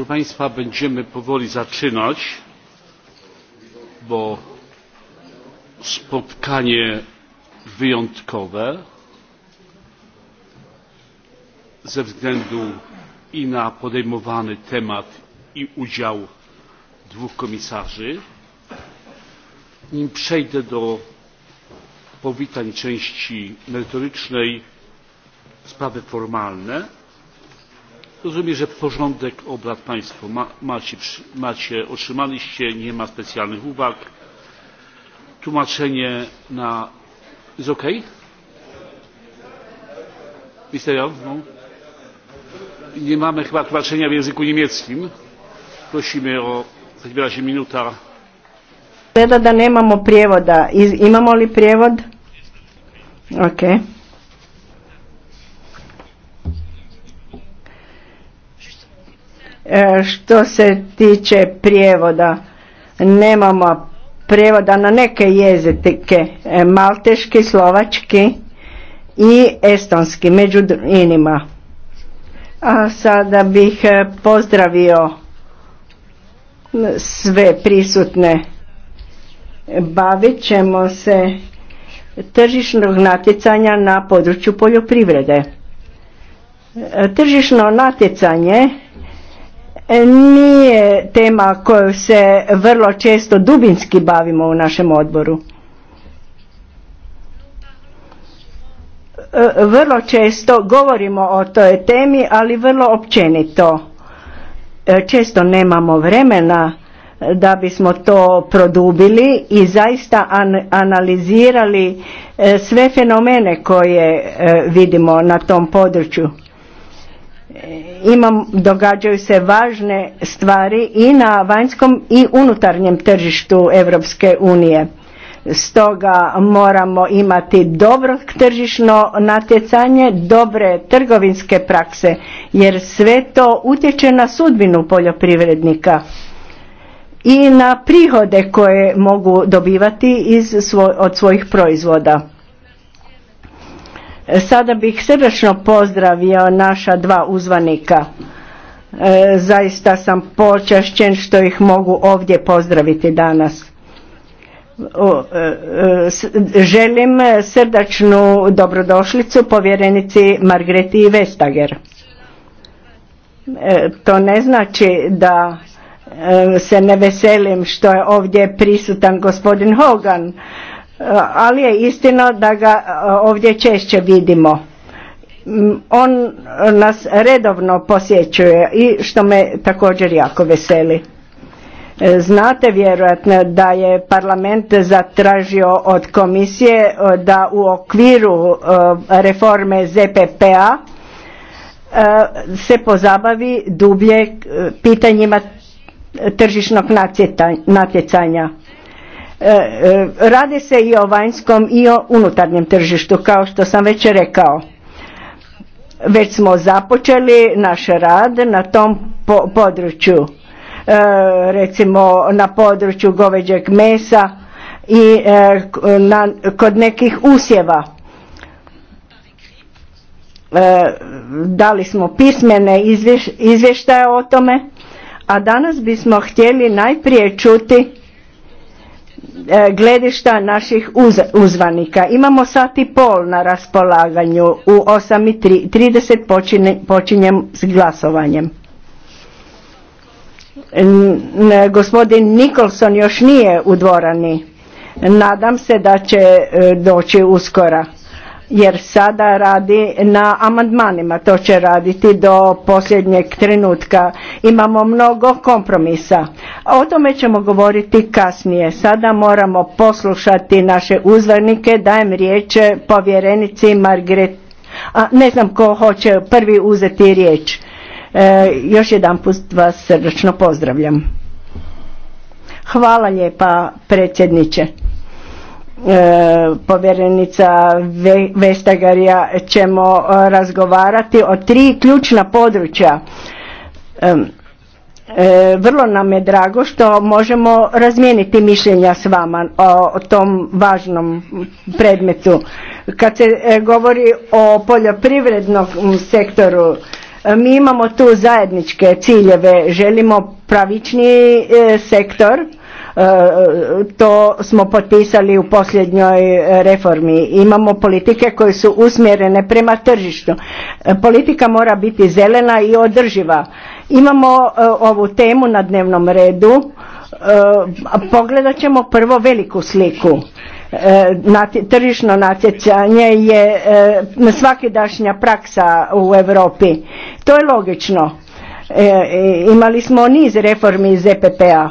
proszę państwa będziemy powoli zaczynać bo spotkanie wyjątkowe ze względu i na podejmowany temat i udział dwóch komisarzy. nim przejdę do powitań części merytorycznej sprawy formalne rozumiem że porządek obrad państwo macie otrzymaliście nie ma specjalnych uwag tłumaczenie na jest ok? nie mamy chyba tłumaczenia w języku niemieckim prosimy o w takim razie minuta da nemamo prijevoda. Imamo li prijevod? Okej. E, što se tiče prijevoda, nemamo prijevoda na neke jezike, e, malteški, slovački i estonski, među inima. A sada bih e, pozdravio sve prisutne. Bavit ćemo se tržišnog natjecanja na području poljoprivrede. Tržišno natjecanje E, nije tema koju se vrlo često dubinski bavimo u našem odboru. E, vrlo često govorimo o toj temi, ali vrlo općenito. E, često nemamo vremena da bismo to produbili i zaista analizirali sve fenomene koje vidimo na tom području imam, događaju se važne stvari i na vanjskom i unutarnjem tržištu Europske unije. Stoga moramo imati dobro tržišno natjecanje, dobre trgovinske prakse, jer sve to utječe na sudbinu poljoprivrednika i na prihode koje mogu dobivati od svojih proizvoda Sada bih srdačno pozdravio naša dva uzvanika. E, zaista sam počašćen što ih mogu ovdje pozdraviti danas. E, e, želim srdačnu dobrodošlicu povjerenici Margreti Vestager. to ne znači da se ne veselim što je ovdje prisutan gospodin Hogan ali je istina da ga e, ovdje češće vidimo. Mm, on nas redovno posjećuje i što me također jako veseli. E, znate vjerojatno da je parlament zatražio od komisije e, da u okviru reforme ZPPA se pozabavi dublje pitanjima tržišnog natjecanja E, e, radi se i o vanjskom i o unutarnjem tržištu, kao što sam već rekao. Već smo započeli naš rad na tom području, e, recimo na području goveđeg mesa i kod nekih usjeva. dali smo pismene izvještaje o tome, a danas bismo htjeli najprije čuti E, gledišta naših uzvanika. Imamo sat i pol na raspolaganju. U 8.30 počinje, počinjem s glasovanjem. N, gospodin Nikolson još nije u dvorani. Nadam se da će e, doći uskora jer sada radi na amandmanima, to će raditi do posljednjeg trenutka. Imamo mnogo kompromisa. O tome ćemo govoriti kasnije. Sada moramo poslušati naše uzvarnike, Dajem riječ povjerenici Margret. A, ne znam ko hoće prvi uzeti riječ. E, još jedan put vas srdačno pozdravljam. Hvala lijepa predsjedniče. E, povjerenica Vestagarija ćemo e, razgovarati o tri ključna područja. E, vrlo nam je drago što možemo razmijeniti mišljenja s vama o tom važnom predmetu. Kad se govori o poljoprivrednom sektoru, mi imamo tu zajedničke ciljeve. Želimo pravični sektor, E, to smo potpisali u posljednjoj reformi. Imamo politike koje su usmjerene prema tržištu. E, politika mora biti zelena i održiva. Imamo e, ovu temu na dnevnom redu. Pogledat ćemo prvo veliku sliku. tržišno natjecanje je svakidašnja praksa u Europi. To je logično. imali smo niz reformi iz EPP-a.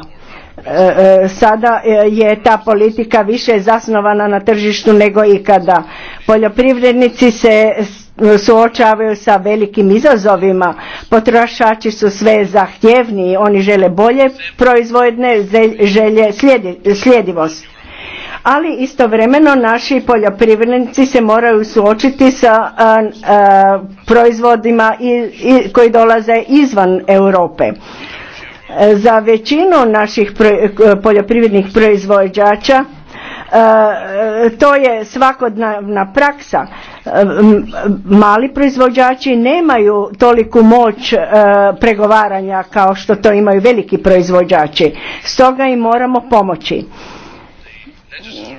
E, e, sada e, je ta politika više zasnovana na tržištu nego ikada. Poljoprivrednici se suočavaju sa velikim izazovima, potrošači su sve zahtjevniji, oni žele bolje proizvodne, želje slijedivost. sljedivost. Ali istovremeno naši poljoprivrednici se moraju suočiti sa proizvodima koji dolaze izvan Europe za većinu naših poljoprivrednih proizvođača e, to je svakodnevna praksa. E, mali proizvođači nemaju toliku moć e, pregovaranja kao što to imaju veliki proizvođači. Stoga im moramo pomoći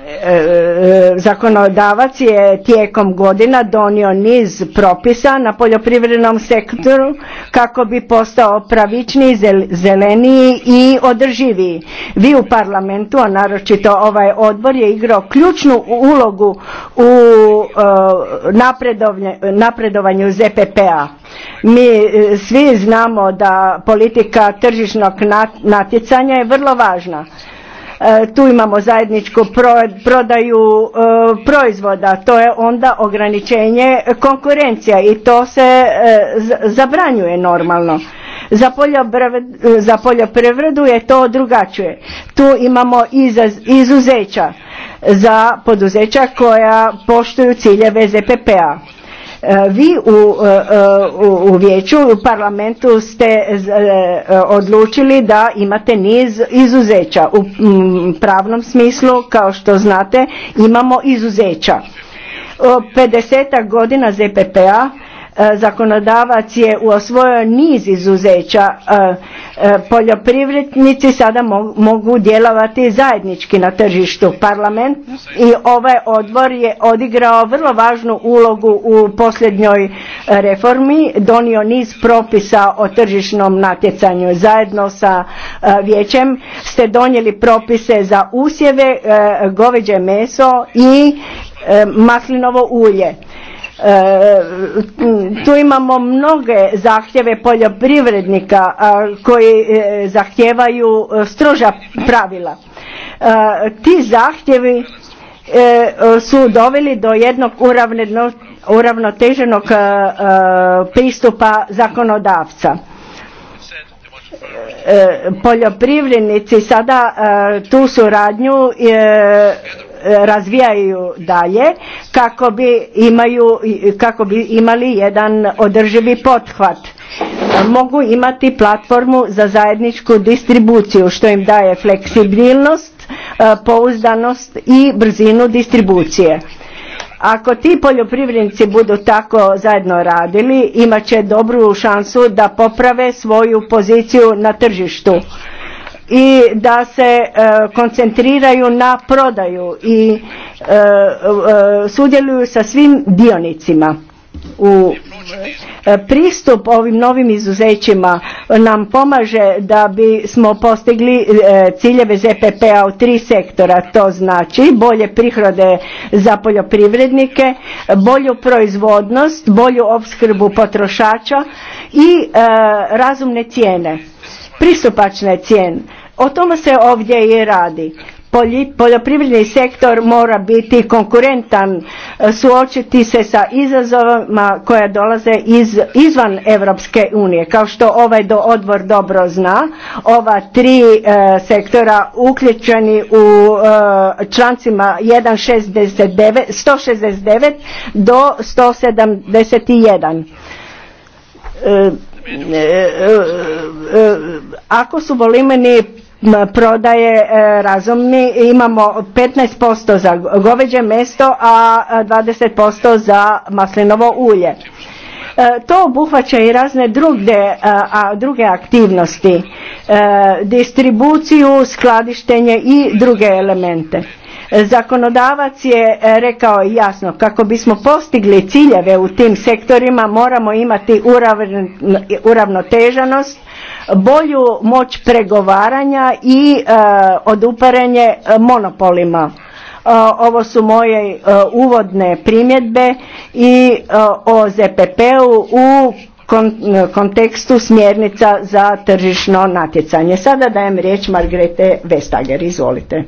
E, e, zakonodavac je tijekom godina donio niz propisa na poljoprivrednom sektoru kako bi postao pravičniji, zeleniji i održiviji. Vi u parlamentu, a naročito ovaj odbor je igrao ključnu ulogu u e, napredovanju ZPP-a. Mi svi znamo da politika tržišnog natjecanja je vrlo važna E, tu imamo zajedničku prodaju e, proizvoda, to je onda ograničenje konkurencija i to se e, zabranjuje normalno. Za poljoprivredu je to drugačije. Tu imamo izuzeća za poduzeća koja poštuju ciljeve ZPP-a E, vi e, e, u, u vijeću, u parlamentu ste odlučili da imate niz izuzeća. U pravnom smislu, kao što znate, imamo izuzeća. 50 godina ZPPA. E, zakonodavac je u osvojio niz izuzeća. E, e, poljoprivrednici sada mogu djelovati zajednički na tržištu. Parlament i ovaj odbor je odigrao vrlo važnu ulogu u posljednjoj reformi, donio niz propisa o tržišnom natjecanju. Zajedno sa vijećem ste donijeli propise za usjeve, goveđe meso i maslinovo ulje E, tu imamo mnoge zahtjeve poljoprivrednika e, koji e, zahtijevaju stroža pravila. Ti zahtjevi su doveli do jednog uravnoteženog pristupa zakonodavca. Poljoprivrednici sada tu suradnju razvijaju dalje kako bi, kako bi imali jedan održivi pothvat. Mogu imati platformu za zajedničku distribuciju što im daje fleksibilnost, e, pouzdanost i brzinu distribucije. Ako ti poljoprivrednici budu tako zajedno radili, imat će dobru šansu da poprave svoju poziciju na tržištu i da se e, koncentriraju na prodaju i e, e, sudjeluju sa svim dionicima u pristup ovim novim izuzećima nam pomaže da bi smo postigli ciljeve ZPP-a u tri sektora. To znači bolje prihode za poljoprivrednike, bolju proizvodnost, bolju opskrbu potrošača i razumne cijene pristupačne cijene. O tome se ovdje i radi. Poljoprivredni sektor mora biti konkurentan, e, suočiti se sa izazovima koja dolaze iz, izvan Europske unije. Kao što ovaj do odbor dobro zna, ova tri e, sektora uključeni u e, člancima 169, 169 do 171. E, E, e, e, ako su volimeni prodaje razumni imamo 15% za goveđe mesto a 20% za maslinovo ulje to obuhvaća i razne druge, a, druge aktivnosti, distribuciju, skladištenje i druge elemente. Zakonodavac je e, rekao jasno kako bismo postigli ciljeve u tim sektorima moramo imati uravnotežanost, bolju moć pregovaranja i e, oduparenje monopolima. E, ovo su moje uvodne primjedbe i o ZPP-u u kontekstu smjernica za tržišno natjecanje. Sada dajem riječ Margrete Vestager, izvolite.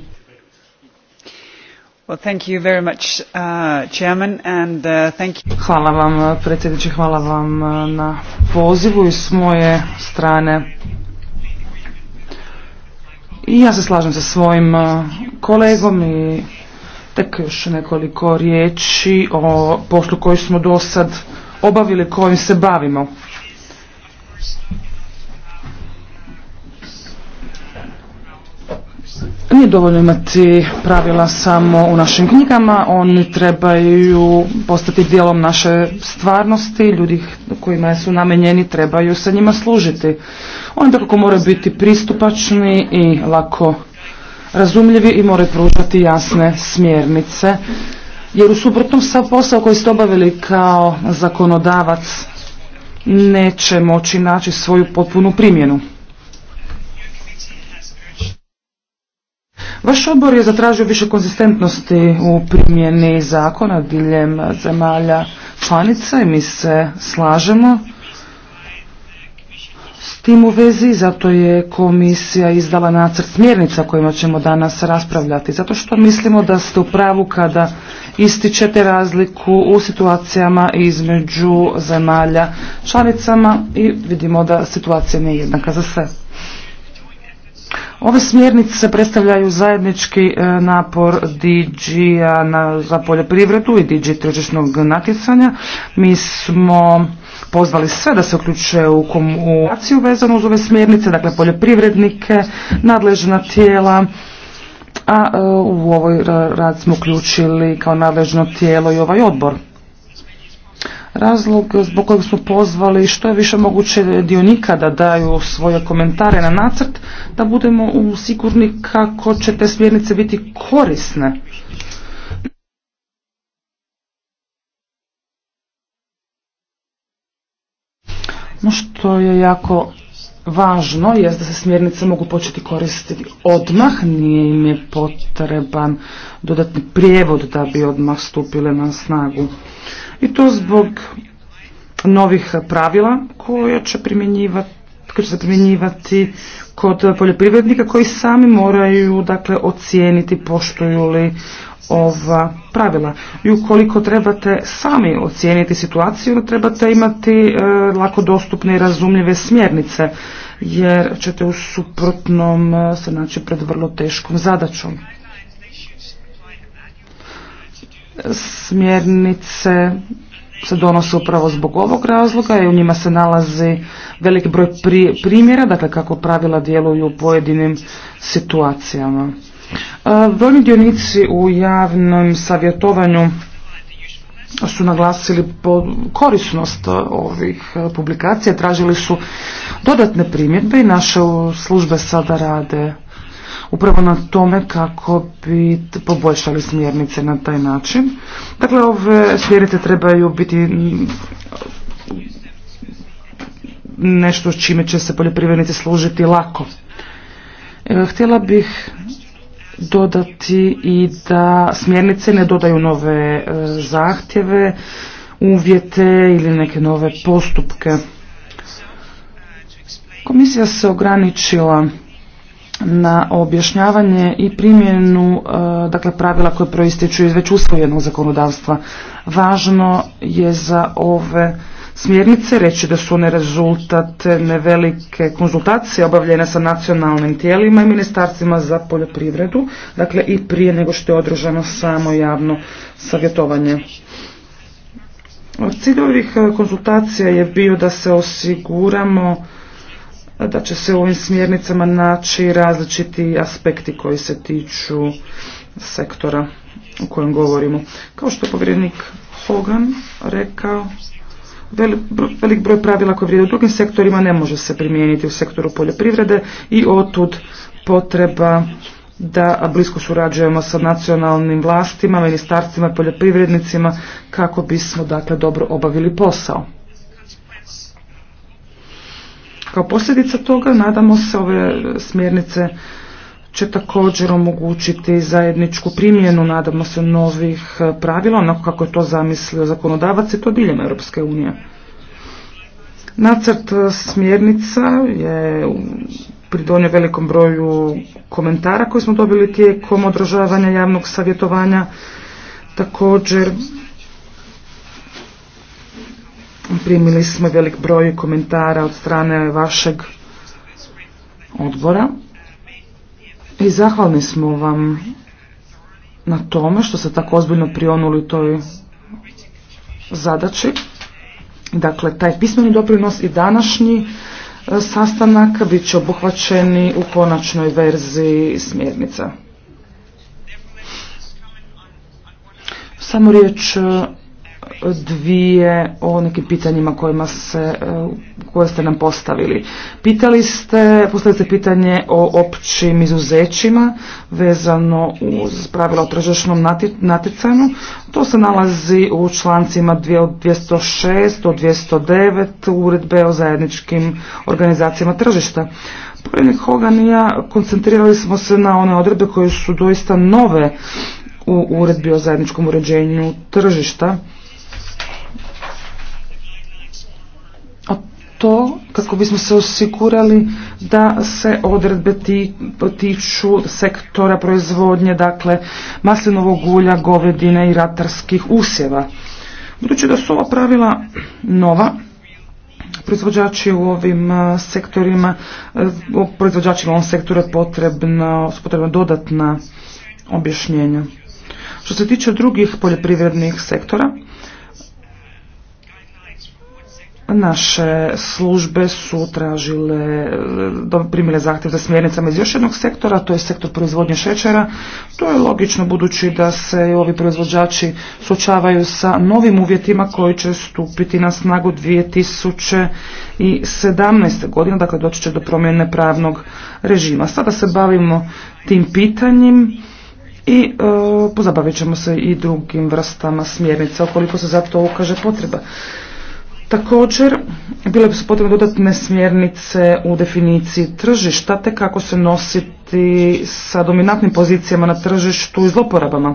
Hvala vam predsjedniče, hvala vam uh, na pozivu i s moje strane. I ja se slažem sa svojim uh, kolegom i tek još nekoliko riječi o poslu koji smo do sad obavili, kojim se bavimo. Nije dovoljno imati pravila samo u našim knjigama, oni trebaju postati dijelom naše stvarnosti, ljudi kojima su namenjeni trebaju sa njima služiti. Oni tako moraju biti pristupačni i lako razumljivi i moraju pružati jasne smjernice, jer u suprotnom sa posao koji ste obavili kao zakonodavac neće moći naći svoju potpunu primjenu. Vaš odbor je zatražio više konzistentnosti u primjeni zakona diljem zemalja članica i mi se slažemo s tim u vezi, zato je komisija izdala nacrt smjernica kojima ćemo danas raspravljati, zato što mislimo da ste u pravu kada ističete razliku u situacijama između zemalja članicama i vidimo da situacija nije jednaka za sve. Ove smjernice predstavljaju zajednički e, napor dg za poljoprivredu i DG tržišnog natjecanja. Mi smo pozvali sve da se uključe u komunikaciju vezano uz ove smjernice, dakle poljoprivrednike, nadležna tijela, a e, u ovoj rad smo uključili kao nadležno tijelo i ovaj odbor razlog zbog kojeg su pozvali što je više moguće dionika da daju svoje komentare na nacrt, da budemo sigurni kako će te smjernice biti korisne. No što je jako važno je da se smjernice mogu početi koristiti odmah, nije im je potreban dodatni prijevod da bi odmah stupile na snagu i to zbog novih pravila koje će primjenjivati će se primjenjivati kod poljoprivrednika koji sami moraju dakle ocijeniti poštuju li ova pravila. I ukoliko trebate sami ocijeniti situaciju, trebate imati e, lako dostupne i razumljive smjernice, jer ćete u suprotnom e, se naći pred vrlo teškom zadaćom smjernice se donose upravo zbog ovog razloga i u njima se nalazi veliki broj primjera, dakle kako pravila djeluju u pojedinim situacijama. E, brojni dionici u javnom savjetovanju su naglasili korisnost ovih e, publikacija, tražili su dodatne primjedbe i naše službe sada rade upravo na tome kako bi poboljšali smjernice na taj način. Dakle, ove smjernice trebaju biti mm, nešto s čime će se poljoprivrednici služiti lako. E, htjela bih dodati i da smjernice ne dodaju nove e, zahtjeve, uvjete ili neke nove postupke. Komisija se ograničila na objašnjavanje i primjenu e, dakle, pravila koje proističu iz već usvojenog zakonodavstva. Važno je za ove smjernice reći da su one rezultat nevelike konzultacije obavljene sa nacionalnim tijelima i ministarstvima za poljoprivredu, dakle i prije nego što je održano samo javno savjetovanje. Cilj ovih e, konzultacija je bio da se osiguramo da će se u ovim smjernicama naći različiti aspekti koji se tiču sektora o kojem govorimo. Kao što je povjerenik Hogan rekao, velik broj pravila koje vrijede u drugim sektorima ne može se primijeniti u sektoru poljoprivrede i otud potreba da blisko surađujemo sa nacionalnim vlastima, ministarstvima, poljoprivrednicima kako bismo dakle dobro obavili posao. Kao posljedica toga nadamo se ove smjernice će također omogućiti zajedničku primjenu, nadamo se, novih e, pravila, onako kako je to zamislio zakonodavac i to diljem Europske unije. Nacrt e, smjernica je pridonio velikom broju komentara koje smo dobili tijekom održavanja javnog savjetovanja. Također Primili smo velik broj komentara od strane vašeg odbora i zahvalni smo vam na tome što ste tako ozbiljno prionuli toj zadaći. Dakle, taj pismeni doprinos i današnji e, sastanak bit će obuhvaćeni u konačnoj verziji smjernica. Samo riječ e, dvije o nekim pitanjima kojima se, e, koje ste nam postavili. Pitali ste, postavili ste pitanje o općim izuzećima vezano uz pravila o tržišnom natjecanju. To se nalazi u člancima 206 do 209 uredbe o zajedničkim organizacijama tržišta. Povjerenik Hogan i ja koncentrirali smo se na one odredbe koje su doista nove u uredbi o zajedničkom uređenju tržišta to kako bismo se osigurali da se odredbe tiču sektora proizvodnje, dakle maslinovog ulja, govedine i ratarskih usjeva. Budući da su ova pravila nova, proizvođači u ovim e, sektorima, e, proizvođačima u ovom sektoru je potrebna, su potrebna dodatna objašnjenja. Što se tiče drugih poljoprivrednih sektora, Naše službe su tražile, primile zahtjev za smjernicama iz još jednog sektora, to je sektor proizvodnje šećera. To je logično budući da se ovi proizvođači suočavaju sa novim uvjetima koji će stupiti na snagu 2017. godina dakle doći će do promjene pravnog režima. Sada se bavimo tim pitanjem i e, pozabavit ćemo se i drugim vrstama smjernica ukoliko se za to ukaže potreba. Također, bile bi su potrebne dodatne smjernice u definiciji tržišta, te kako se nositi sa dominantnim pozicijama na tržištu i zloporabama.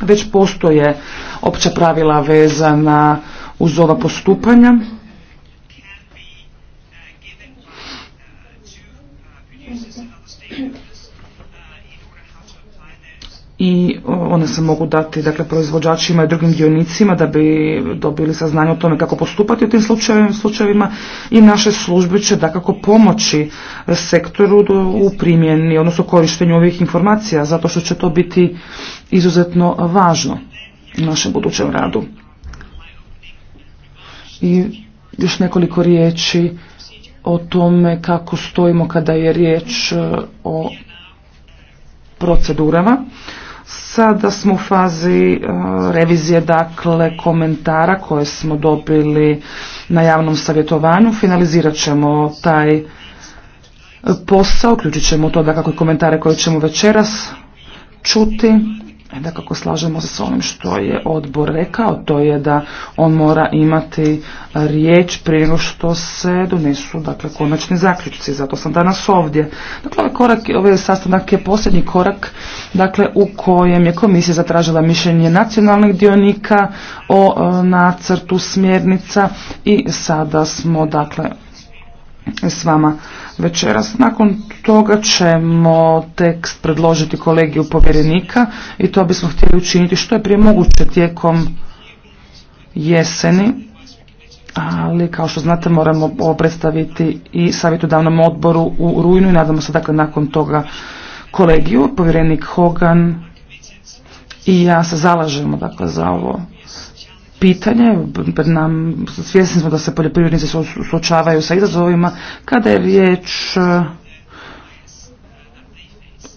Već postoje opća pravila vezana uz ova postupanja, i one se mogu dati dakle, proizvođačima i drugim dionicima da bi dobili saznanje o tome kako postupati u tim slučajevima i naše službe će dakako pomoći sektoru u primjeni, odnosno korištenju ovih informacija, zato što će to biti izuzetno važno u našem budućem radu. I još nekoliko riječi o tome kako stojimo kada je riječ e, o procedurama. Sada smo u fazi e, revizije, dakle, komentara koje smo dobili na javnom savjetovanju. Finalizirat ćemo taj posao, uključit ćemo to komentare koje ćemo večeras čuti da kako slažemo se s onim što je odbor rekao, to je da on mora imati riječ prije nego što se donesu dakle, konačni zaključci. Zato sam danas ovdje. Dakle, ovaj, korak, ovaj sastanak je posljednji korak dakle, u kojem je komisija zatražila mišljenje nacionalnih dionika o e, nacrtu smjernica i sada smo dakle, s vama večeras. Nakon toga ćemo tekst predložiti kolegiju povjerenika i to bismo htjeli učiniti što je prije moguće tijekom jeseni ali kao što znate moramo ovo predstaviti i savjetodavnom odboru u rujnu i nadamo se dakle nakon toga kolegiju, povjerenik Hogan i ja se zalažemo dakle za ovo pitanje. Nam, svjesni smo da se poljoprivrednici suočavaju sa izazovima kada je riječ eh,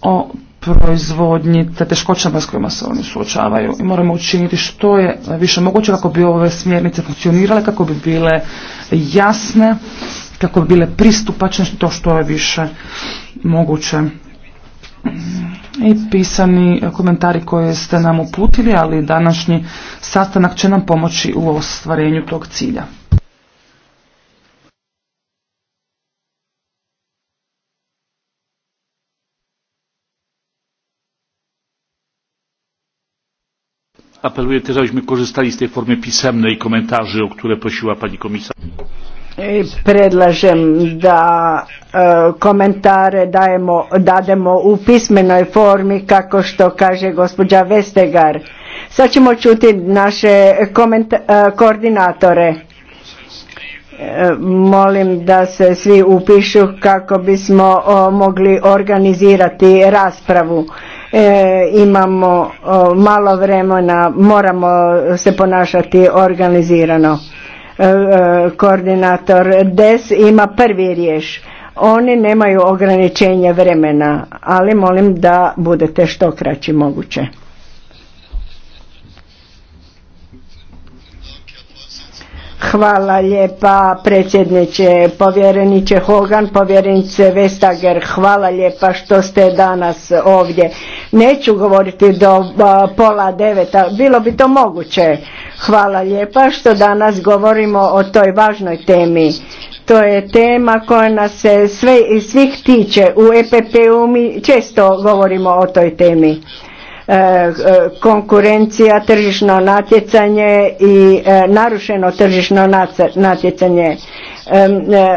o proizvodnji, te teškoćama s kojima se oni suočavaju i moramo učiniti što je više moguće kako bi ove smjernice funkcionirale, kako bi bile jasne, kako bi bile pristupačne, to što je više moguće i pisani komentari koje ste nam uputili, ali današnji sastanak će nam pomoći u ostvarenju tog cilja. apeluję też abyśmy korzystali z tej formy pisemnej komentarzy o które prosiła pani komisarz predlažem da e, komentare dajemo, dademo u pismenoj formi kako što kaže gospođa Vestegar. Sad ćemo čuti naše e, koordinatore. E, molim da se svi upišu kako bismo mogli organizirati raspravu. imamo malo vremena, moramo se ponašati organizirano. E, koordinator DES ima prvi riješ. Oni nemaju ograničenja vremena, ali molim da budete što kraći moguće. Hvala lijepa predsjedniče, povjereniče Hogan, povjerenice Vestager, hvala lijepa što ste danas ovdje. Neću govoriti do pola deveta, bilo bi to moguće. Hvala lijepa što danas govorimo o toj važnoj temi. To je tema koja nas se sve i svih tiče. U EPP-u mi često govorimo o toj temi. E, e, konkurencija, tržišno natjecanje i e, narušeno tržišno natjecanje.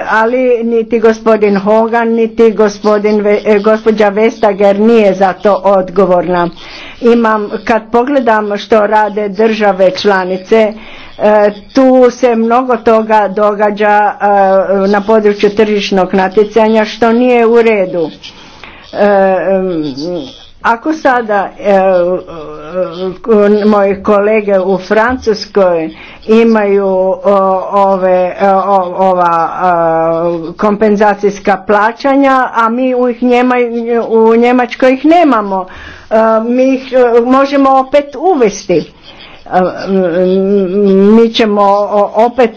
Ali niti gospodin Hogan, niti gospodin, gospođa Vestager nije za to odgovorna. Imam, kad pogledam što rade države članice, tu se mnogo toga događa na području tržišnog natjecanja što nije u redu ako sada e, e, e, moji kolege u Francuskoj imaju ove, ova kompenzacijska plaćanja, a mi u, ih u Njemačkoj ih nemamo, mi ih možemo opet uvesti mi ćemo opet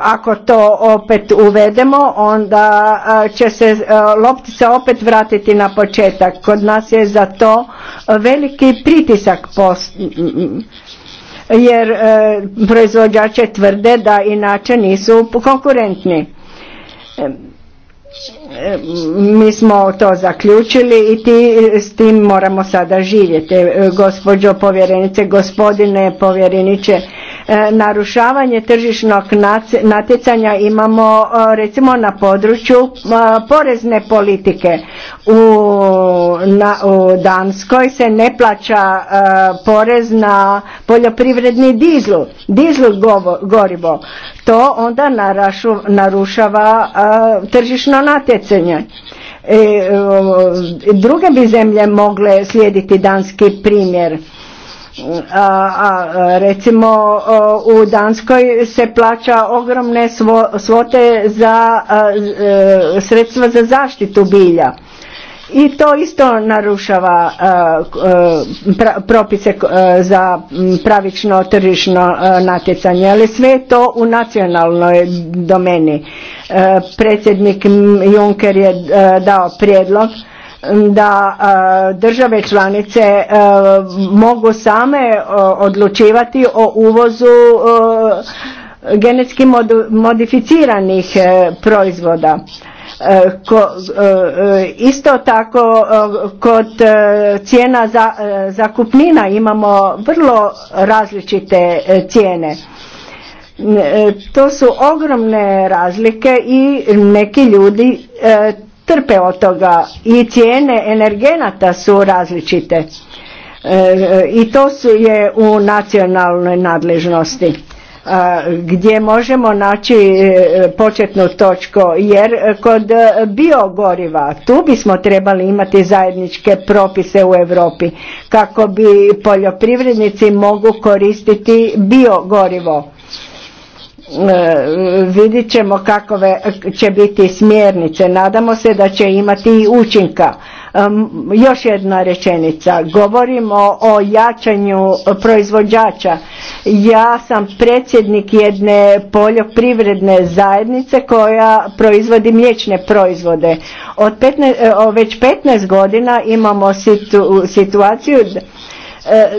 ako to opet uvedemo onda će se loptica opet vratiti na početak kod nas je za to veliki pritisak jer e, proizvođače tvrde da inače nisu konkurentni E, mi smo to zaključili i ti, s tim moramo sada živjeti. E, gospođo povjerenice, gospodine povjereniče, E, narušavanje tržišnog natjecanja imamo e, recimo na području e, porezne politike. U, na, Danskoj se ne plaća porez na poljoprivredni dizlu, dizlu gorivo. To onda narušava tržišno natjecanje. druge bi zemlje mogle slijediti danski primjer a recimo u Danskoj se plaća ogromne svote za e, sredstva za zaštitu bilja i to isto narušava e, propise e, za pravično tržišno natjecanje, ali sve to u nacionalnoj domeni. Predsjednik Juncker je dao prijedlog da e, države članice e, mogu same e, odlučivati o uvozu genetski modificiranih proizvoda. isto tako kod cijena za, zakupnina imamo vrlo različite cijene. To su ogromne razlike i neki ljudi trpe od toga i cijene energenata su različite e, i to su je u nacionalnoj nadležnosti e, gdje možemo naći e, početnu točku jer kod biogoriva tu bismo trebali imati zajedničke propise u Europi kako bi poljoprivrednici mogu koristiti biogorivo E, vidit ćemo kakove će biti smjernice. Nadamo se da će imati i učinka. E, još jedna rečenica. Govorimo o jačanju proizvođača. Ja sam predsjednik jedne poljoprivredne zajednice koja proizvodi mliječne proizvode. Od 15, e, već 15 godina imamo situaciju E,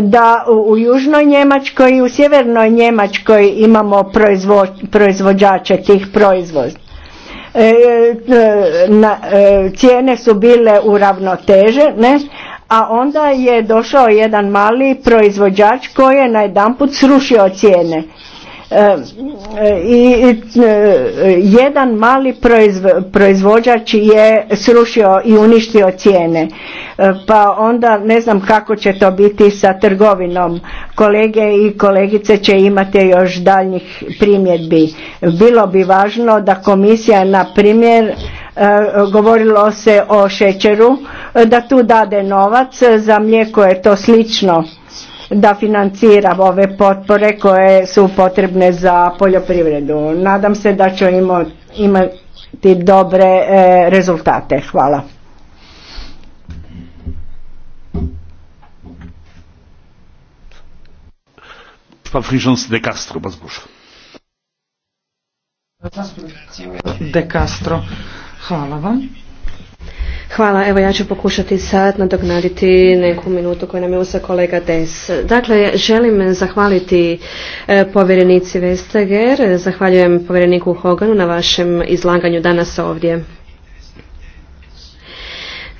da u južnoj Njemačkoj i u sjevernoj Njemačkoj imamo proizvođače tih proizvoda. E, e, cijene su bile ne, a onda je došao jedan mali proizvođač koji je najedanput srušio cijene i jedan mali proizvođač je srušio i uništio cijene e, pa onda ne znam kako će to biti sa trgovinom kolege i kolegice će imati još daljnjih primjedbi bilo bi važno da komisija na primjer e, govorilo se o šećeru e, da tu dade novac za mlijeko je to slično da financira ove potpore koje su potrebne za poljoprivredu. Nadam se da ćemo imati dobre e, rezultate. Hvala. De Castro, hvala vam. Hvala, evo ja ću pokušati sad nadoknaditi neku minutu koju nam je usa kolega Des. Dakle, želim zahvaliti e, povjerenici Vestager, zahvaljujem povjereniku Hoganu na vašem izlaganju danas ovdje.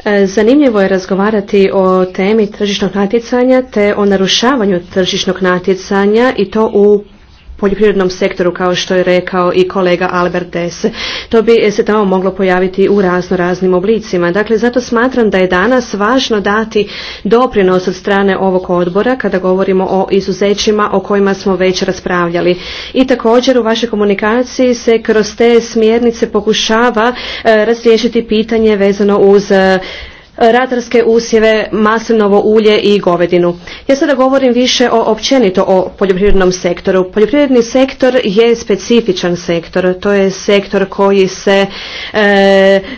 E, zanimljivo je razgovarati o temi tržišnog natjecanja te o narušavanju tržišnog natjecanja i to u poljoprivrednom sektoru kao što je rekao i kolega Albert Des. To bi se tamo moglo pojaviti u razno raznim oblicima. Dakle, zato smatram da je danas važno dati doprinos od strane ovog odbora kada govorimo o izuzećima o kojima smo već raspravljali. I također u vašoj komunikaciji se kroz te smjernice pokušava e, razriješiti pitanje vezano uz e, ratarske usjeve, maslinovo ulje i govedinu. Ja sada govorim više o općenito o poljoprivrednom sektoru. Poljoprivredni sektor je specifičan sektor. To je sektor koji se e,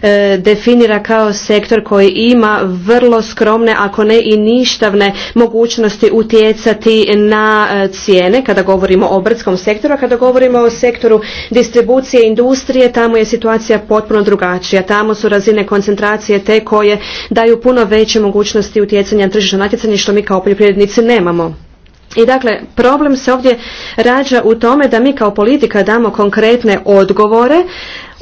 e, definira kao sektor koji ima vrlo skromne, ako ne i ništavne mogućnosti utjecati na e, cijene kada govorimo o brdskom sektoru, a kada govorimo o sektoru distribucije industrije, tamo je situacija potpuno drugačija. Tamo su razine koncentracije te koje daju puno veće mogućnosti utjecanja na tržišno natjecanje što mi kao poljoprivrednici nemamo. I dakle, problem se ovdje rađa u tome da mi kao politika damo konkretne odgovore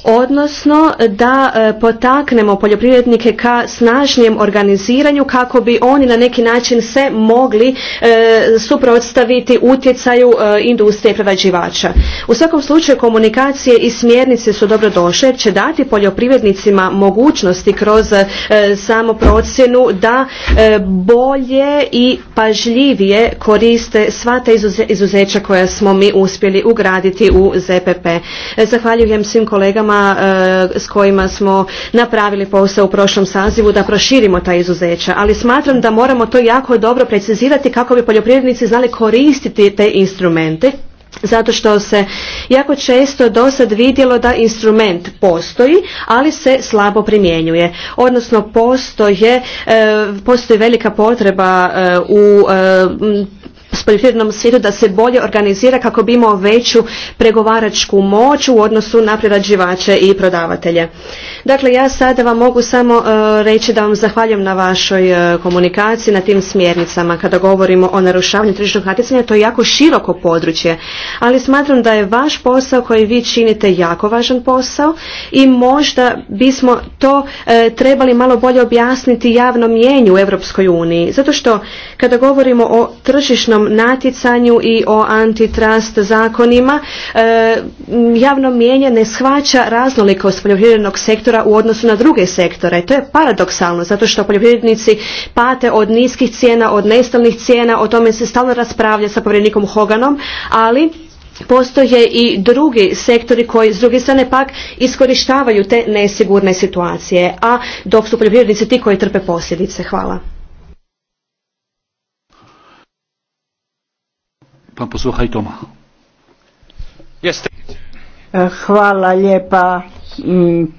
odnosno da e, potaknemo poljoprivrednike ka snažnijem organiziranju kako bi oni na neki način se mogli e, suprotstaviti utjecaju e, industrije prerađivača. U svakom slučaju komunikacije i smjernice su dobro došle će dati poljoprivrednicima mogućnosti kroz samo procjenu da bolje i pažljivije koriste sva ta izuzeća koja smo mi uspjeli ugraditi u ZPP. Zahvaljujem svim kolegama E, s kojima smo napravili posao u prošlom sazivu da proširimo ta izuzeća, ali smatram da moramo to jako dobro precizirati kako bi poljoprivrednici znali koristiti te instrumente zato što se jako često do sad vidjelo da instrument postoji, ali se slabo primjenjuje. Odnosno, postoje, e, postoji velika potreba e, u s poljoprivrednom svijetu da se bolje organizira kako bi imao veću pregovaračku moć u odnosu na prerađivače i prodavatelje. Dakle, ja sada vam mogu samo e, reći da vam zahvaljujem na vašoj e, komunikaciji, na tim smjernicama. Kada govorimo o narušavanju tržišnog natjecanja, to je jako široko područje, ali smatram da je vaš posao koji vi činite jako važan posao i možda bismo to e, trebali malo bolje objasniti javnom mjenju u Europskoj uniji. Zato što kada govorimo o tržišnom natjecanju i o antitrust zakonima e, javno mijenje ne shvaća raznolikost poljoprivrednog sektora u odnosu na druge sektore. To je paradoksalno zato što poljoprivrednici pate od niskih cijena, od nestalnih cijena, o tome se stalno raspravlja sa povjerenikom Hoganom, ali postoje i drugi sektori koji s druge strane pak iskorištavaju te nesigurne situacije, a dok su poljoprivrednici ti koji trpe posljedice. Hvala. E, hvala lijepa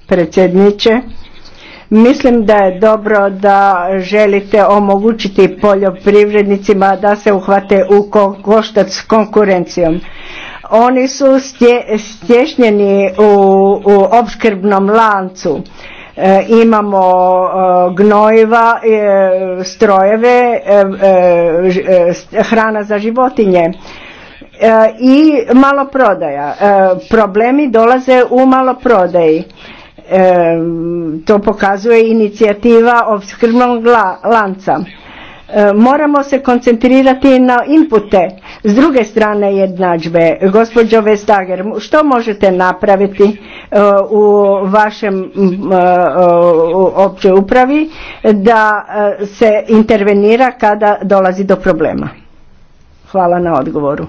predsjedniče. Mislim da je dobro da želite omogućiti poljoprivrednicima da se uhvate u koštac s konkurencijom. Oni su stješnjeni u, u lancu E, imamo e, gnojiva, e, strojeve, hrana za životinje i maloprodaja. Problemi dolaze u maloprodaji. To pokazuje inicijativa opskrbnog lanca E, moramo se koncentrirati na inpute. S druge strane jednadžbe, gospođo Vestager, što možete napraviti e, u vašem e, općoj upravi da se intervenira kada dolazi do problema? Hvala na odgovoru.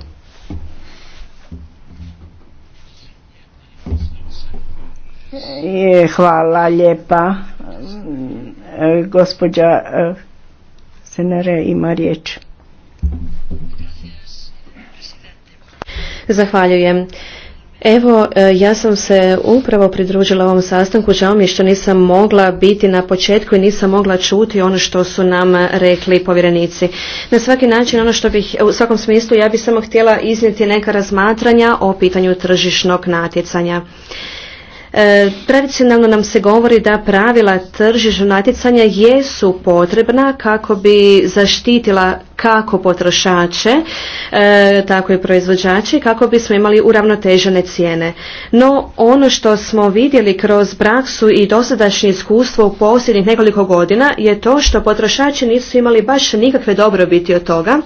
Hvala lijepa gospođa Senare ima riječ. Zahvaljujem. Evo, e, ja sam se upravo pridružila ovom sastanku, žao mi je što nisam mogla biti na početku i nisam mogla čuti ono što su nam rekli povjerenici. Na svaki način, ono što bih, e, u svakom smislu, ja bih samo htjela iznijeti neka razmatranja o pitanju tržišnog natjecanja. E, tradicionalno nam se govori da pravila tržišnog natjecanja jesu potrebna kako bi zaštitila kako potrošače, e, tako i proizvođače, kako bismo imali uravnotežene cijene. No, ono što smo vidjeli kroz praksu i dosadašnje iskustvo u posljednjih nekoliko godina je to što potrošači nisu imali baš nikakve dobrobiti od toga,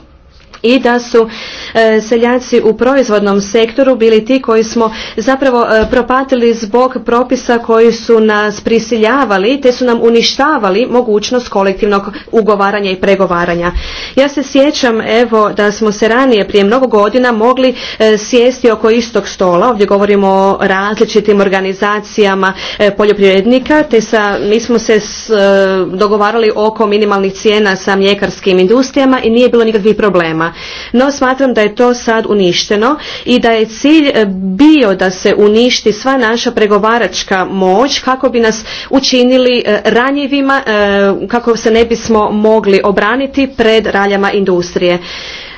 i da su e, seljaci u proizvodnom sektoru bili ti koji smo zapravo e, propatili zbog propisa koji su nas prisiljavali te su nam uništavali mogućnost kolektivnog ugovaranja i pregovaranja. Ja se sjećam evo da smo se ranije prije mnogo godina mogli e, sjesti oko istog stola, ovdje govorimo o različitim organizacijama poljoprivrednika te sa, mi smo se dogovarali oko minimalnih cijena sa mljekarskim industrijama i nije bilo nikakvih problema. No smatram da je to sad uništeno i da je cilj e, bio da se uništi sva naša pregovaračka moć kako bi nas učinili e, ranjivima, e, kako se ne bismo mogli obraniti pred raljama industrije.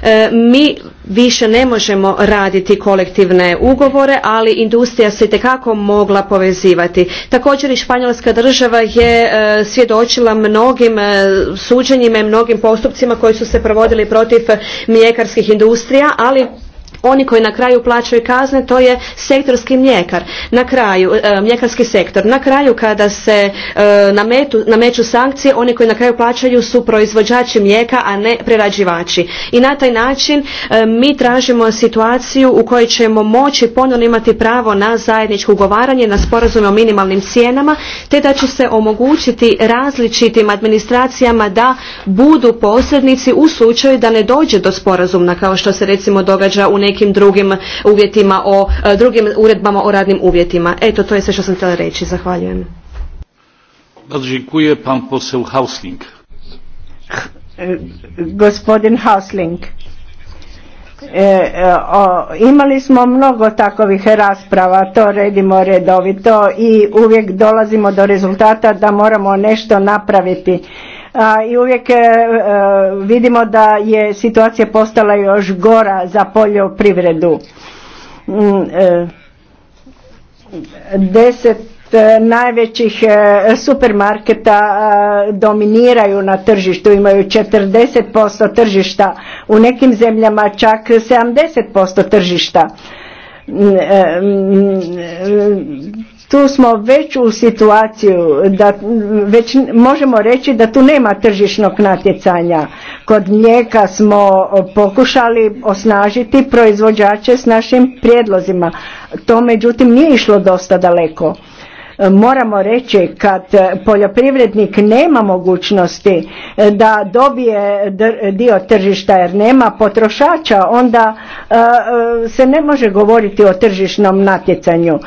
E, mi više ne možemo raditi kolektivne ugovore, ali industrija se itekako mogla povezivati. Također i Španjolska država je e, svjedočila mnogim e, suđenjima i mnogim postupcima koji su se provodili protiv mljekarskih industrija, ali oni koji na kraju plaćaju kazne to je sektorski mljekar na kraju e, mljekarski sektor na kraju kada se e, nameću sankcije oni koji na kraju plaćaju su proizvođači mlijeka a ne prerađivači i na taj način e, mi tražimo situaciju u kojoj ćemo moći ponovno imati pravo na zajedničko ugovaranje na sporazume o minimalnim cijenama te da će se omogućiti različitim administracijama da budu posrednici u slučaju da ne dođe do sporazuma kao što se recimo događa u nekim nekim drugim uvjetima o e, drugim uredbama o radnim uvjetima. Eto, to je sve što sam htjela reći. Zahvaljujem. Dziękuję pan poseł Hausling. E, gospodin Hausling. E, e, o, imali smo mnogo takovih rasprava, to redimo redovito i uvijek dolazimo do rezultata da moramo nešto napraviti i uvijek e, e, vidimo da je situacija postala još gora za poljoprivredu. Mm, e, deset najvećih supermarketa dominiraju na tržištu, imaju 40% tržišta, u nekim zemljama čak 70% tržišta mm, mm, tu smo već u situaciju da već možemo reći da tu nema tržišnog natjecanja. Kod mlijeka smo pokušali osnažiti proizvođače s našim prijedlozima. To međutim nije išlo dosta daleko. E, moramo reći kad e, poljoprivrednik nema mogućnosti e, da dobije dio tržišta jer nema potrošača onda se ne može govoriti o tržišnom natjecanju.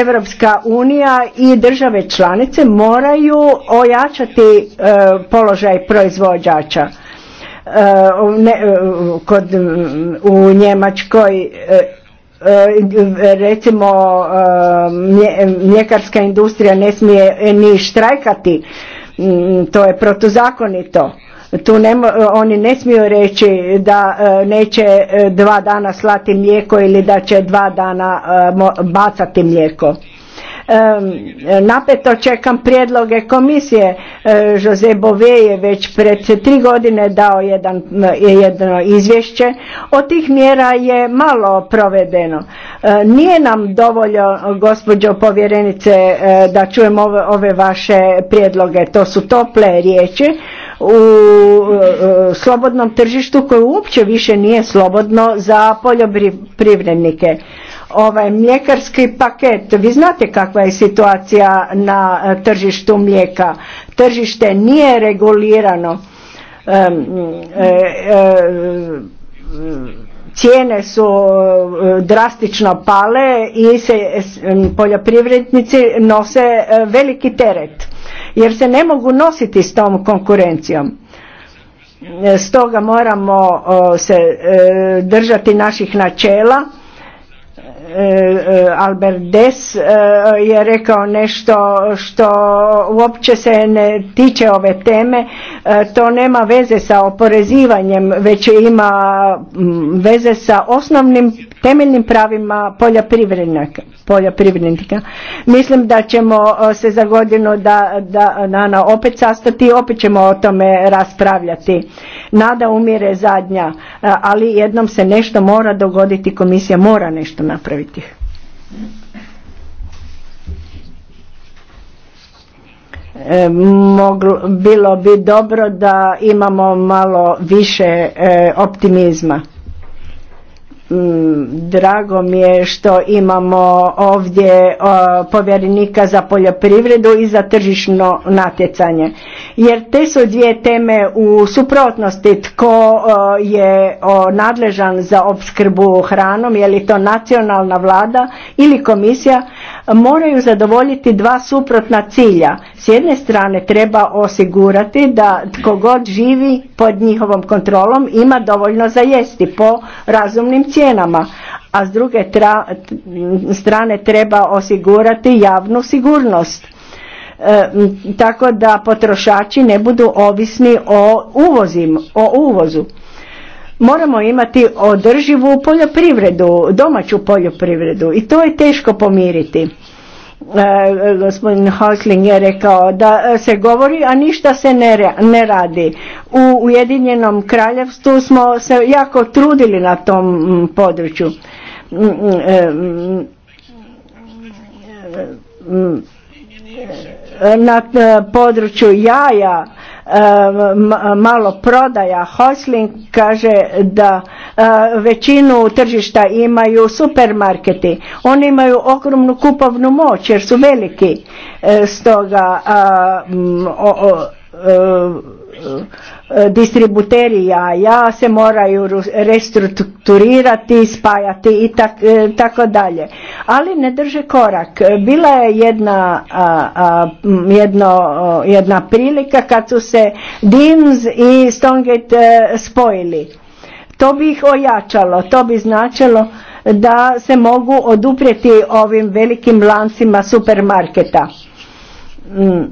Europska unija i države članice moraju ojačati položaj proizvođača. Kod, u Njemačkoj E, recimo e, mljekarska industrija ne smije ni štrajkati to je protuzakonito tu ne, oni ne smiju reći da e, neće dva dana slati mlijeko ili da će dva dana bacati mlijeko Napeto čekam prijedloge komisije. E, Jose Bove je već pred tri godine dao jedan, e, jedno izvješće. Od tih mjera je malo provedeno. E, nije nam dovoljno, gospođo povjerenice, da čujemo ove vaše prijedloge. To su tople riječi u slobodnom tržištu koje uopće više nije slobodno za poljoprivrednike ovaj mljekarski paket. Vi znate kakva je situacija na e, tržištu mlijeka. Tržište nije regulirano. E, e, cijene su drastično pale i se poljoprivrednici nose veliki teret jer se ne mogu nositi s tom konkurencijom. Stoga moramo se držati naših načela Albert Des e, je rekao nešto što uopće se ne tiče ove teme, e, to nema veze sa oporezivanjem, već ima veze sa osnovnim temeljnim pravima poljoprivrednika. Mislim da ćemo e, se za godinu da, da, dana opet sastati i opet ćemo o tome raspravljati. Nada umire zadnja, ali jednom se nešto mora dogoditi, komisija mora nešto napraviti napraviti. E, moglo, bilo bi dobro da imamo malo više e, optimizma. Mm, drago mi je što imamo ovdje povjerenika za poljoprivredu i za tržišno natjecanje. Jer te su dvije teme u suprotnosti tko je nadležan za opskrbu hranom, je li to nacionalna vlada ili komisija, moraju zadovoljiti dva suprotna cilja. S jedne strane treba osigurati da tko god živi pod njihovom kontrolom ima dovoljno za jesti po razumnim cijenama, a s druge strane treba osigurati javnu sigurnost. E, tako da potrošači ne budu ovisni o, uvozim, o uvozu. Moramo imati održivu poljoprivredu, domaću poljoprivredu i to je teško pomiriti E, gospodin Hosling je rekao da e, se govori, a ništa se ne, ne radi. U Ujedinjenom kraljevstvu smo se jako trudili na tom području. E, na području jaja malo prodaja. Hosling kaže da e, većinu tržišta imaju supermarketi. Oni imaju ogromnu kupovnu moć jer su veliki. E, stoga e, E, distributerija, ja se moraju restrukturirati, spajati i e, tako dalje. Ali ne drže korak. Bila je jedna, jedno, jedna prilika kad su se DIMS i Stonegate e, spojili. To bi ih ojačalo, to bi značilo da se mogu oduprijeti ovim velikim lancima supermarketa. Mm.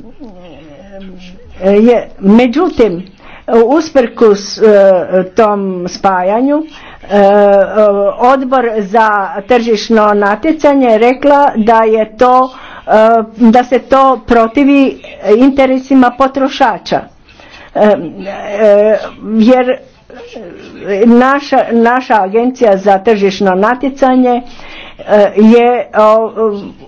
međutim, Usprkus e, tom spajanju e, e, odbor za tržišno natjecanje rekla da je to da se to protivi interesima potrošača jer naša, naša agencija za tržišno natjecanje je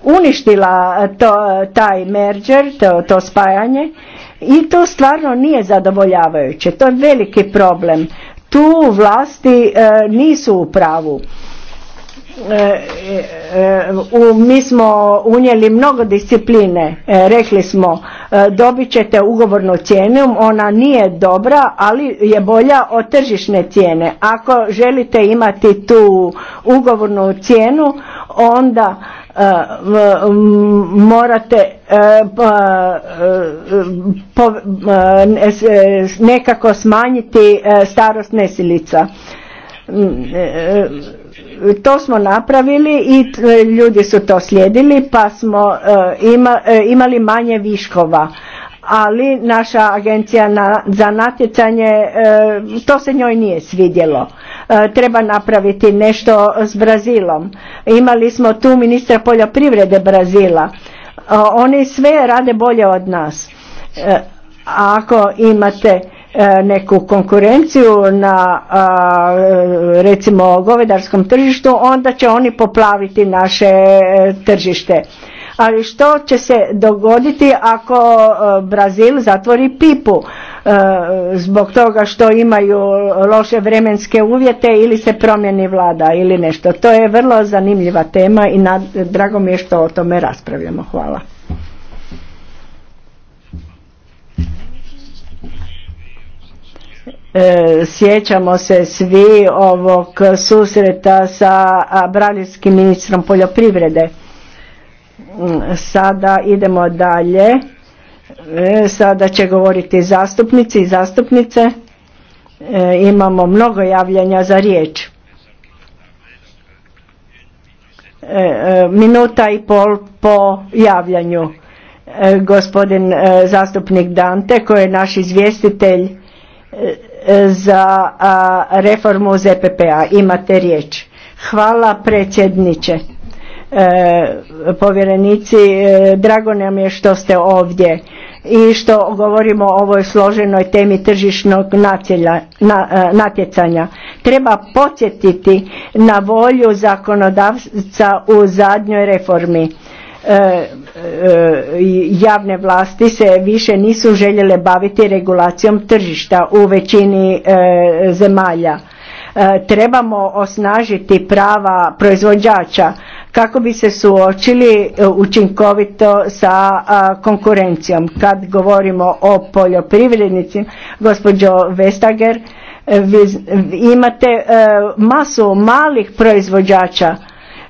uništila to, taj merger, to, to spajanje i to stvarno nije zadovoljavajuće, to je veliki problem. Tu vlasti e, nisu u pravu. E, e, e, u, mi smo unijeli mnogo discipline. Rekli smo dobit ćete ugovornu cijenu, ona nije dobra, ali je bolja od tržišne cijene. Ako želite imati tu ugovornu cijenu, onda morate nekako smanjiti starost nesilica to smo napravili i e, ljudi su to slijedili pa smo e, e, imali manje viškova. Ali naša agencija za natjecanje, to se njoj nije svidjelo. Treba napraviti nešto s Brazilom. Imali smo tu ministra poljoprivrede Brazila. Oni sve rade bolje od nas. Ako imate E, neku konkurenciju na recimo govedarskom tržištu onda će oni poplaviti naše e, tržište ali što će se dogoditi ako e, Brazil zatvori pipu zbog toga što imaju loše vremenske uvjete ili se promjeni vlada ili nešto. To je vrlo zanimljiva tema i drago mi je što o tome raspravljamo. Hvala. E, sjećamo se svi ovog susreta sa bralijskim ministrom poljoprivrede. Mm, sada idemo dalje. E, sada će govoriti zastupnici i zastupnice. E, imamo mnogo javljanja za riječ. Minuta i pol po javljanju. Gospodin zastupnik Dante koji je naš izvjestitelj za reformu ZPP-a. Imate riječ. Hvala predsjedniče. E, povjerenici, e, drago nam je što ste ovdje i što govorimo o ovoj složenoj temi tržišnog e, natjecanja. Treba podsjetiti na volju zakonodavca u zadnjoj reformi E, e, javne vlasti se više nisu željele baviti regulacijom tržišta u većini e, zemalja. Trebamo osnažiti prava proizvođača kako bi se suočili učinkovito sa konkurencijom. Kad govorimo o poljoprivrednicima, gospođo Vestager, vi imate masu malih proizvođača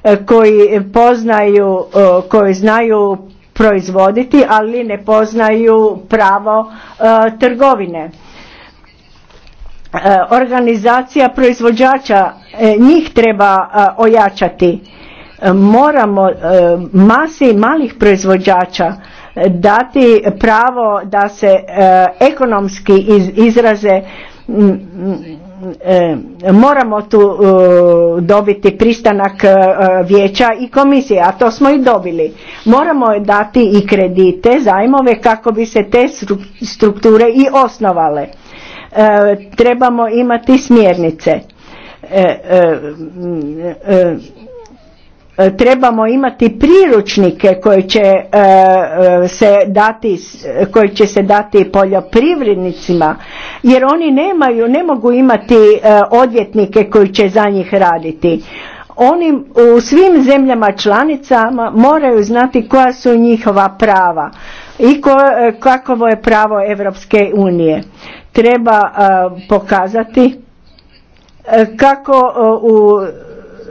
E, koji poznaju, e, koji znaju proizvoditi, ali ne poznaju pravo e, trgovine. Organizacija proizvođača njih treba ojačati. Moramo masi malih proizvođača dati pravo da se ekonomski izraze E, moramo tu e, dobiti pristanak e, vijeća i komisije, a to smo i dobili. Moramo dati i kredite, zajmove kako bi se te strukture i osnovale. Trebamo imati smjernice. E, trebamo imati priručnike koji će e, e, se dati koji će se dati poljoprivrednicima jer oni nemaju ne mogu imati odvjetnike koji će za njih raditi oni u svim zemljama članicama moraju znati koja su njihova prava i kakovo je pravo Europske unije treba pokazati kako u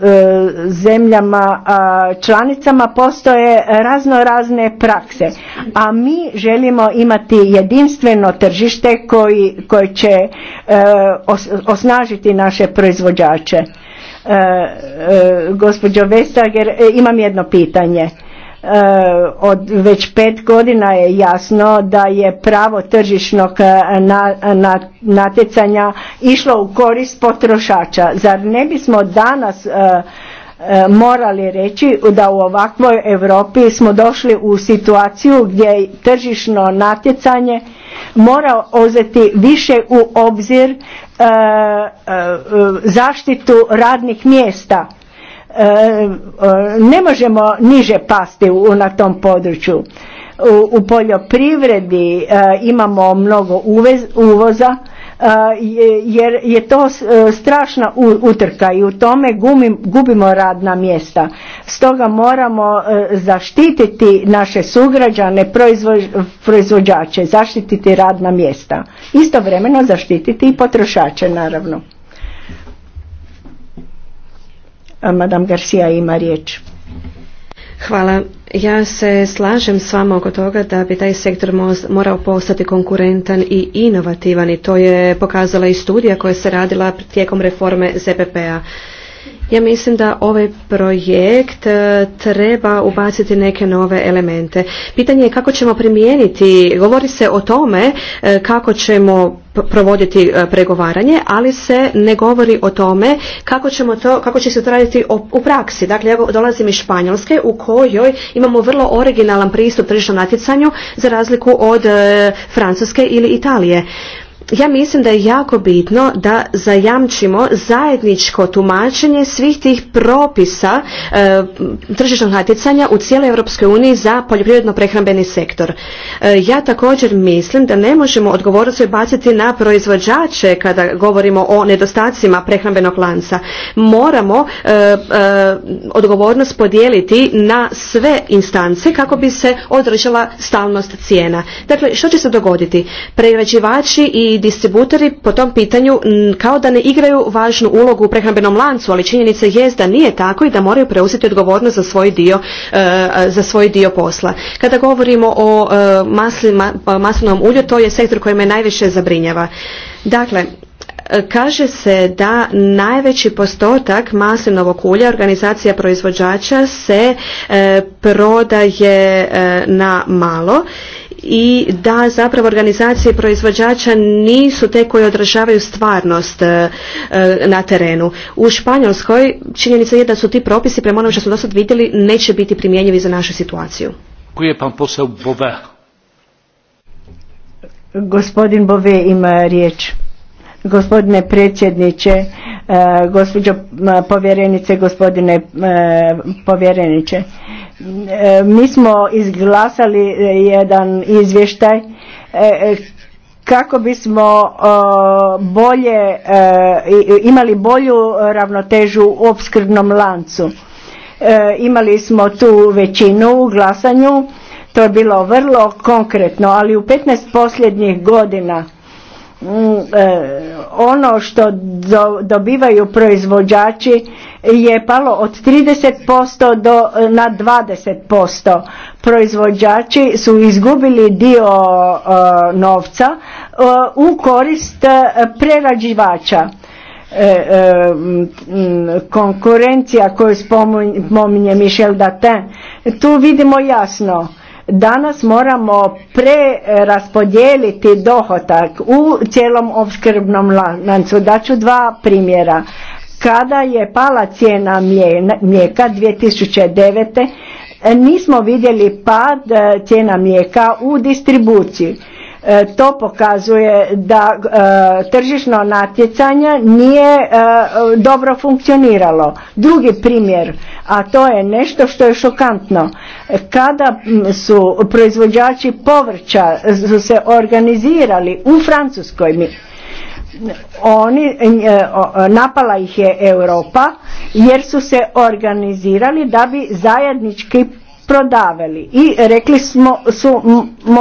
E, zemljama članicama postoje razno razne prakse, a mi želimo imati jedinstveno tržište koji, koje će e, osnažiti naše proizvođače. E, gospođo Vestager, imam jedno pitanje Eh, od već pet godina je jasno da je pravo tržišnog eh, natjecanja išlo u korist potrošača. Zar ne bismo danas eh, morali reći da u ovakvoj Europi smo došli u situaciju gdje tržišno natjecanje mora uzeti više u obzir zaštitu radnih mjesta E, e, ne možemo niže pasti na tom području. U poljoprivredi e, imamo mnogo uvoza jer je to strašna utrka i u tome gubimo radna mjesta. Stoga moramo zaštititi naše sugrađane, proizvođače, zaštititi radna mjesta. Istovremeno zaštititi i potrošače naravno. Madame Garcia ima riječ. Hvala. Ja se slažem s vama oko toga da bi taj sektor morao postati konkurentan i inovativan i to je pokazala i studija koja se radila tijekom reforme ZPP-a. Ja mislim da ovaj projekt e, treba ubaciti neke nove elemente. Pitanje je kako ćemo primijeniti, govori se o tome e, kako ćemo provoditi e, pregovaranje, ali se ne govori o tome kako, ćemo to, kako će se to raditi u praksi. Dakle, ja dolazim iz Španjolske u kojoj imamo vrlo originalan pristup tržišnom natjecanju za razliku od Francuske ili Italije ja mislim da je jako bitno da zajamčimo zajedničko tumačenje svih tih propisa e, tržišnog natjecanja u cijeloj Europskoj uniji za poljoprivredno prehrambeni sektor. E, ja također mislim da ne možemo odgovornost baciti na proizvođače kada govorimo o nedostacima prehrambenog lanca. Moramo e, odgovornost podijeliti na sve instance kako bi se održala stalnost cijena. Dakle, što će se dogoditi? Prerađivači i distributori po tom pitanju kao da ne igraju važnu ulogu u prehrambenom lancu, ali činjenica je da nije tako i da moraju preuzeti odgovornost za svoj dio, e, za svoj dio posla. Kada govorimo o e, pa, maslinom maslinovom ulju, to je sektor koji me najviše zabrinjava. Dakle, e, Kaže se da najveći postotak maslinovog ulja organizacija proizvođača se prodaje na malo i da zapravo organizacije proizvođača nisu te koje odražavaju stvarnost e, e, na terenu. U Španjolskoj činjenica je da su ti propisi prema onom što smo dosad vidjeli neće biti primjenjivi za našu situaciju. Koji je pan posao Bove? Gospodin Bove ima riječ. Gospodine predsjedniče, e, gospođo povjerenice, gospodine povjereniče, E, mi smo izglasali e, jedan izvještaj e, kako bismo bolje imali bolju ravnotežu u opskrbnom lancu. Imali smo tu većinu u glasanju, to je bilo vrlo konkretno, ali u 15 posljednjih godina Mm, e, ono što dobivaju proizvođači je palo od 30% do, e, na 20%. Proizvođači su izgubili dio e, novca u korist uh, prerađivača. Mm, konkurencija koju spominje Michel Datin, tu vidimo jasno Danas moramo preraspodijeliti dohotak u cijelom opskrbnom lancu. Daću dva primjera. Kada je pala cijena mlijeka 2009. nismo vidjeli pad e, cijena mlijeka u distribuciji E, to pokazuje da e, tržišno natjecanje nije e, dobro funkcioniralo. Drugi primjer, a to je nešto što je šokantno. Kada su proizvođači povrća su se organizirali u Francuskoj oni napala ih je Europa jer su se organizirali da bi zajednički prodavali i rekli smo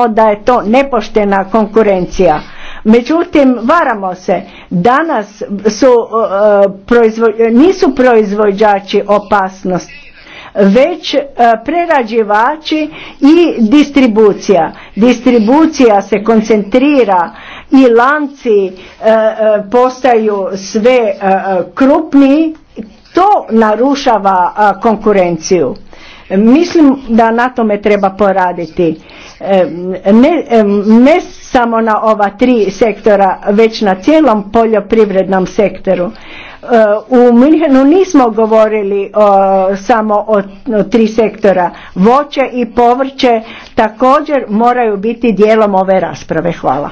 da je to nepoštena konkurencija. Međutim, varamo se, danas su, nisu proizvođači opasnost, već e, prerađivači i distribucija. Distribucija se koncentrira i lanci e, e, postaju sve krupniji, to narušava konkurenciju. Mislim da na tome treba poraditi. Ne, samo na ova tri sektora, već na cijelom poljoprivrednom sektoru. U Minhenu nismo govorili o, samo o, o tri sektora. Voće i povrće također moraju biti dijelom ove rasprave. Hvala.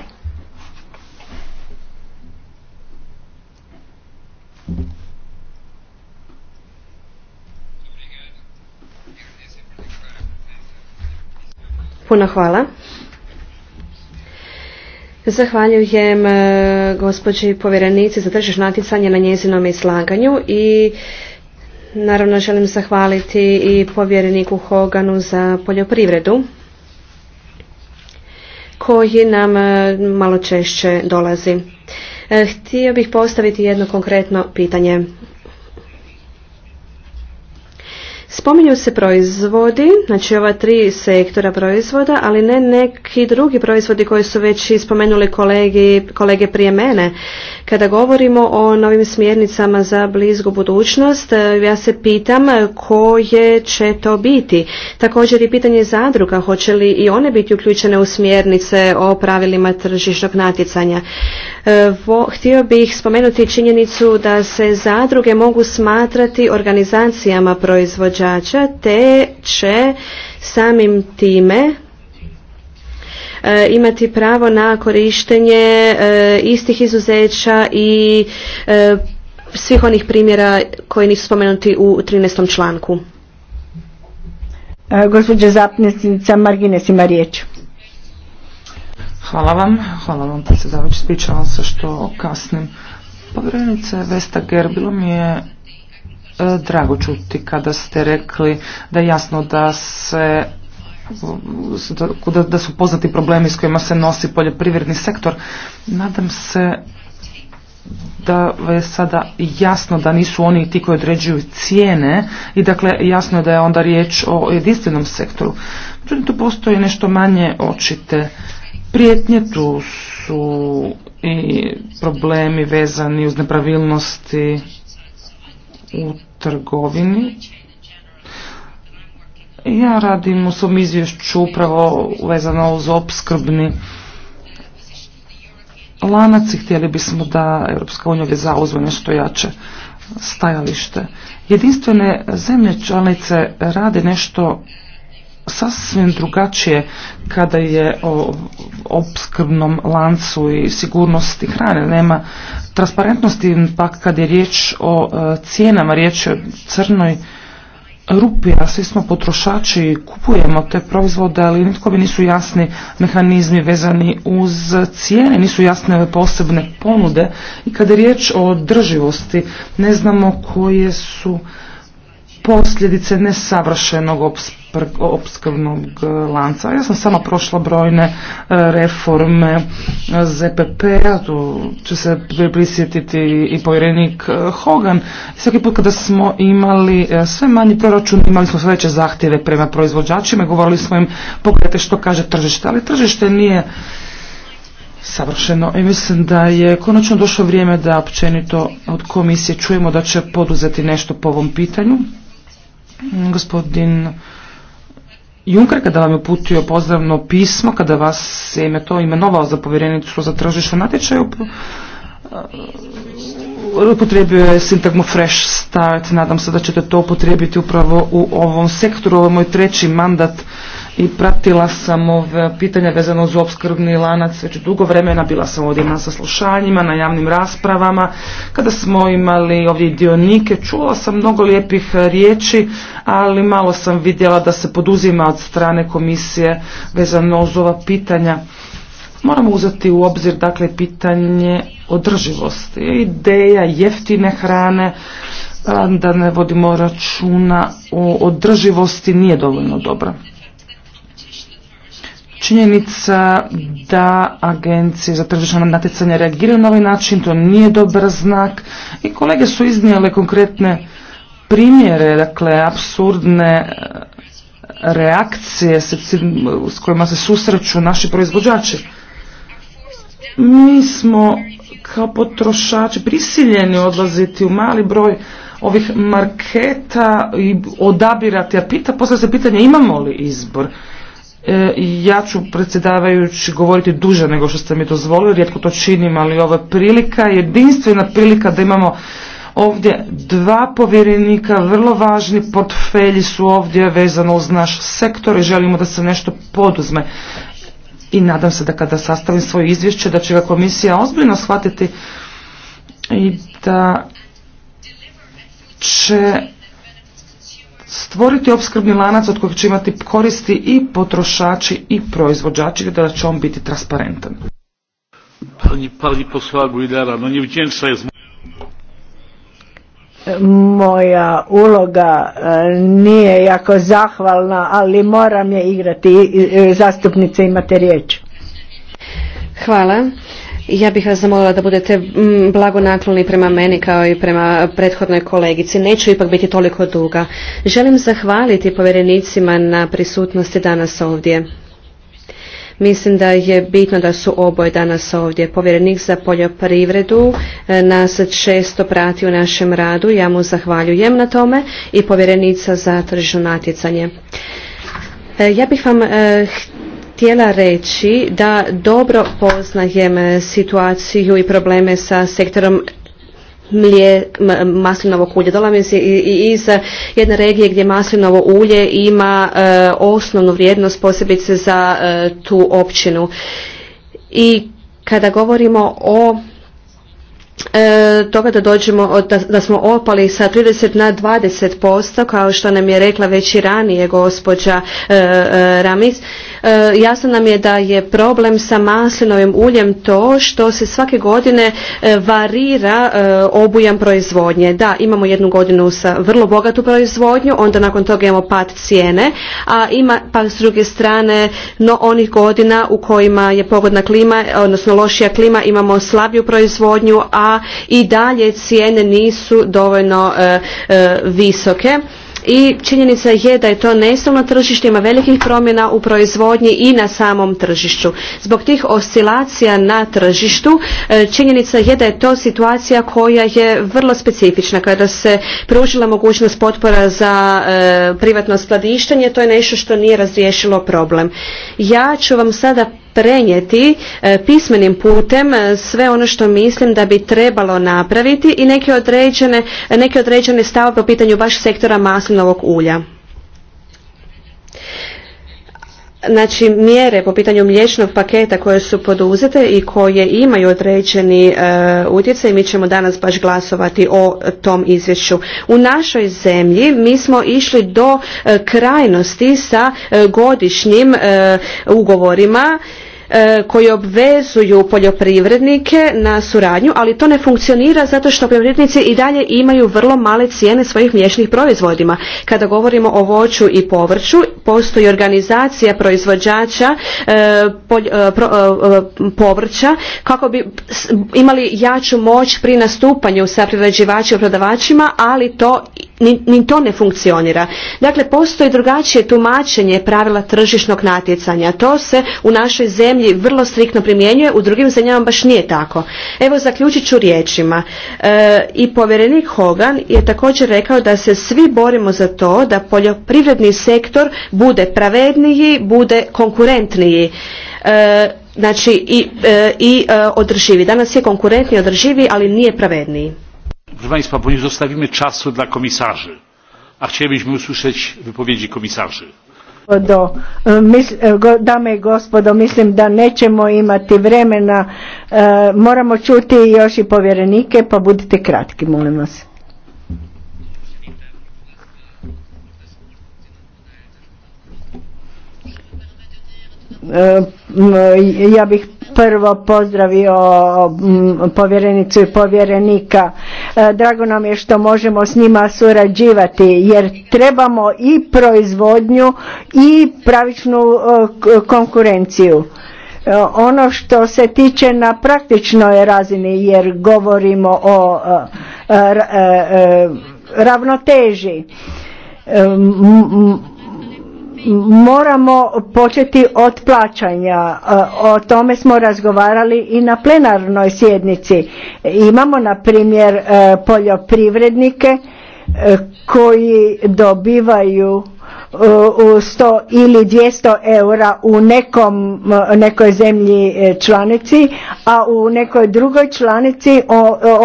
Puno hvala. Zahvaljujem e, gospođi povjerenici za tržišno natjecanje na njezinom izlaganju i naravno želim zahvaliti i povjereniku Hoganu za poljoprivredu koji nam e, malo češće dolazi. E, htio bih postaviti jedno konkretno pitanje. Spominju se proizvodi, znači ova tri sektora proizvoda, ali ne neki drugi proizvodi koji su već spomenuli kolegi, kolege prije mene. Kada govorimo o novim smjernicama za blizgu budućnost, ja se pitam koje će to biti. Također i pitanje zadruga, hoće li i one biti uključene u smjernice o pravilima tržišnog natjecanja. E, vo, htio bih spomenuti činjenicu da se zadruge mogu smatrati organizacijama proizvođa proizvođača te će samim time e, imati pravo na korištenje e, istih izuzeća i e, svih onih primjera koji nisu spomenuti u 13. članku. Gospođa Zapnesnica Margines ima riječ. Hvala vam, hvala vam predsjedavajući, spričavam se što kasnim. Povrednice Vesta Gerbilo je E, drago čuti kada ste rekli da je jasno da se da, su poznati problemi s kojima se nosi poljoprivredni sektor. Nadam se da je sada jasno da nisu oni ti koji određuju cijene i dakle jasno je da je onda riječ o jedinstvenom sektoru. Međutim, tu postoji nešto manje očite prijetnje, tu su i problemi vezani uz nepravilnosti u trgovini. Ja radim u svom izvješću upravo vezano uz opskrbni lanac i htjeli bismo da Europska unija zauzme nešto jače stajalište. Jedinstvene zemlje članice rade nešto sasvim drugačije kada je o opskrbnom lancu i sigurnosti hrane. Nema transparentnosti pa kad je riječ o e, cijenama, riječ je o crnoj rupi, a svi smo potrošači i kupujemo te proizvode, ali nitko bi nisu jasni mehanizmi vezani uz cijene, nisu jasne ove posebne ponude i kada je riječ o drživosti, ne znamo koje su posljedice nesavršenog opskrbnog e, lanca. Ja sam sama prošla brojne e, reforme e, ZPP-a, tu će se prisjetiti i povjerenik Hogan. Svaki put kada smo imali sve manji proračun, imali smo sve veće zahtjeve prema proizvođačima, govorili smo im pogledajte što kaže tržište, ali tržište nije Savršeno. I mislim da je konačno došlo vrijeme da općenito od komisije čujemo da će poduzeti nešto po ovom pitanju. Gospodin Juncker kada vam je uputio pozdravno pismo, kada vas je to imenovao za povjerenicu za tržišno natječaj, upotrijebio je sintagmu fresh start, nadam se da ćete to upotrijebiti upravo u ovom sektoru, ovo je moj treći mandat i pratila sam ove pitanja vezano uz opskrbni lanac već dugo vremena, bila sam ovdje na saslušanjima, na javnim raspravama, kada smo imali ovdje dionike, čula sam mnogo lijepih riječi, ali malo sam vidjela da se poduzima od strane komisije vezano uz ova pitanja. Moramo uzeti u obzir dakle pitanje održivosti, ideja jeftine hrane, da ne vodimo računa o održivosti nije dovoljno dobra. Činjenica da agencije za tržišno natjecanje reagiraju na ovaj način, to nije dobar znak i kolege su iznijele konkretne primjere, dakle, apsurdne e, reakcije s kojima se susreću naši proizvođači. Mi smo kao potrošači prisiljeni odlaziti u mali broj ovih marketa i odabirati, a pita, posle se pitanje imamo li izbor. E, ja ću predsjedavajući govoriti duže nego što ste mi dozvolili, rijetko to činim, ali ovo je prilika, jedinstvena prilika da imamo ovdje dva povjerenika, vrlo važni portfelji su ovdje vezano uz naš sektor i želimo da se nešto poduzme i nadam se da kada sastavim svoje izvješće da će ga komisija ozbiljno shvatiti i da će stvoriti opskrbni lanac od kojeg će imati koristi i potrošači i proizvođači da će on biti transparentan. Pani, pani no moja uloga e, nije jako zahvalna, ali moram je igrati. E, zastupnice imate riječ. Hvala. Ja bih vas zamolila da budete mm, blagonakloni prema meni kao i prema prethodnoj kolegici. Neću ipak biti toliko duga. Želim zahvaliti povjerenicima na prisutnosti danas ovdje. Mislim da je bitno da su oboje danas ovdje. Povjerenik za poljoprivredu e, nas često prati u našem radu. Ja mu zahvaljujem na tome i povjerenica za tržno natjecanje. E, ja bih vam e, htjela reći da dobro poznajem situaciju i probleme sa sektorom mlije maslinovog ulja. Dolazim se iz jedne regije gdje maslinovo ulje ima e, osnovnu vrijednost posebice za e, tu općinu. I kada govorimo o e, toga da dođemo, da, smo opali sa 30 na 20%, kao što nam je rekla već i ranije gospođa e, Ramis, E, jasno nam je da je problem sa maslinovim uljem to što se svake godine e, varira e, obujam proizvodnje. Da, imamo jednu godinu sa vrlo bogatu proizvodnju, onda nakon toga imamo pad cijene, a ima pa s druge strane no onih godina u kojima je pogodna klima, odnosno lošija klima, imamo slabiju proizvodnju, a i dalje cijene nisu dovoljno visoke i činjenica je da je to nestalno tržište, ima velikih promjena u proizvodnji i na samom tržištu. Zbog tih oscilacija na tržištu e, činjenica je da je to situacija koja je vrlo specifična. Kada se pružila mogućnost potpora za e, privatno skladištenje, to je nešto što nije razriješilo problem. Ja ću vam sada prenijeti e, pismenim putem e, sve ono što mislim da bi trebalo napraviti i neke određene, neke određene stave po pitanju baš sektora maslinovog ulja. Znači, mjere po pitanju mliječnog paketa koje su poduzete i koje imaju određeni e, utjecaj, mi ćemo danas baš glasovati o tom izvješću. U našoj zemlji mi smo išli do e, krajnosti sa godišnjim ugovorima E, koji obvezuju poljoprivrednike na suradnju, ali to ne funkcionira zato što poljoprivrednici i dalje imaju vrlo male cijene svojih mliječnih proizvodima. Kada govorimo o voću i povrću, postoji organizacija proizvođača e, e, povrća kako bi imali jaču moć pri nastupanju sa privređivačima i prodavačima, ali to ni to ne funkcionira. Dakle, postoji drugačije tumačenje pravila tržišnog natjecanja. To se u našoj zemlji zemlji vrlo striktno primjenjuje, u drugim zemljama baš nije tako. Evo zaključit ću riječima. E, I povjerenik Hogan je također rekao da se svi borimo za to da poljoprivredni sektor bude pravedniji, bude konkurentniji. E, znači i, e, i e, održivi. Danas je konkurentni održivi, ali nije pravedniji. Proszę Państwa, bo zostawimy dla komisarzy, a chcielibyśmy usłyszeć wypowiedzi komisarzy gospodo, e, e, dame i gospodo, mislim da nećemo imati vremena, e, moramo čuti još i povjerenike, pa budite kratki, molim vas. Ja bih prvo pozdravio povjerenicu i povjerenika E, drago nam je što možemo s njima surađivati jer trebamo i proizvodnju i pravičnu e, konkurenciju. E, ono što se tiče na praktičnoj razini jer govorimo o ravnoteži moramo početi od plaćanja. E, o tome smo razgovarali i na plenarnoj sjednici. Imamo na primjer e, poljoprivrednike e, koji dobivaju 100 ili 200 eura u nekom, nekoj zemlji članici, a u nekoj drugoj članici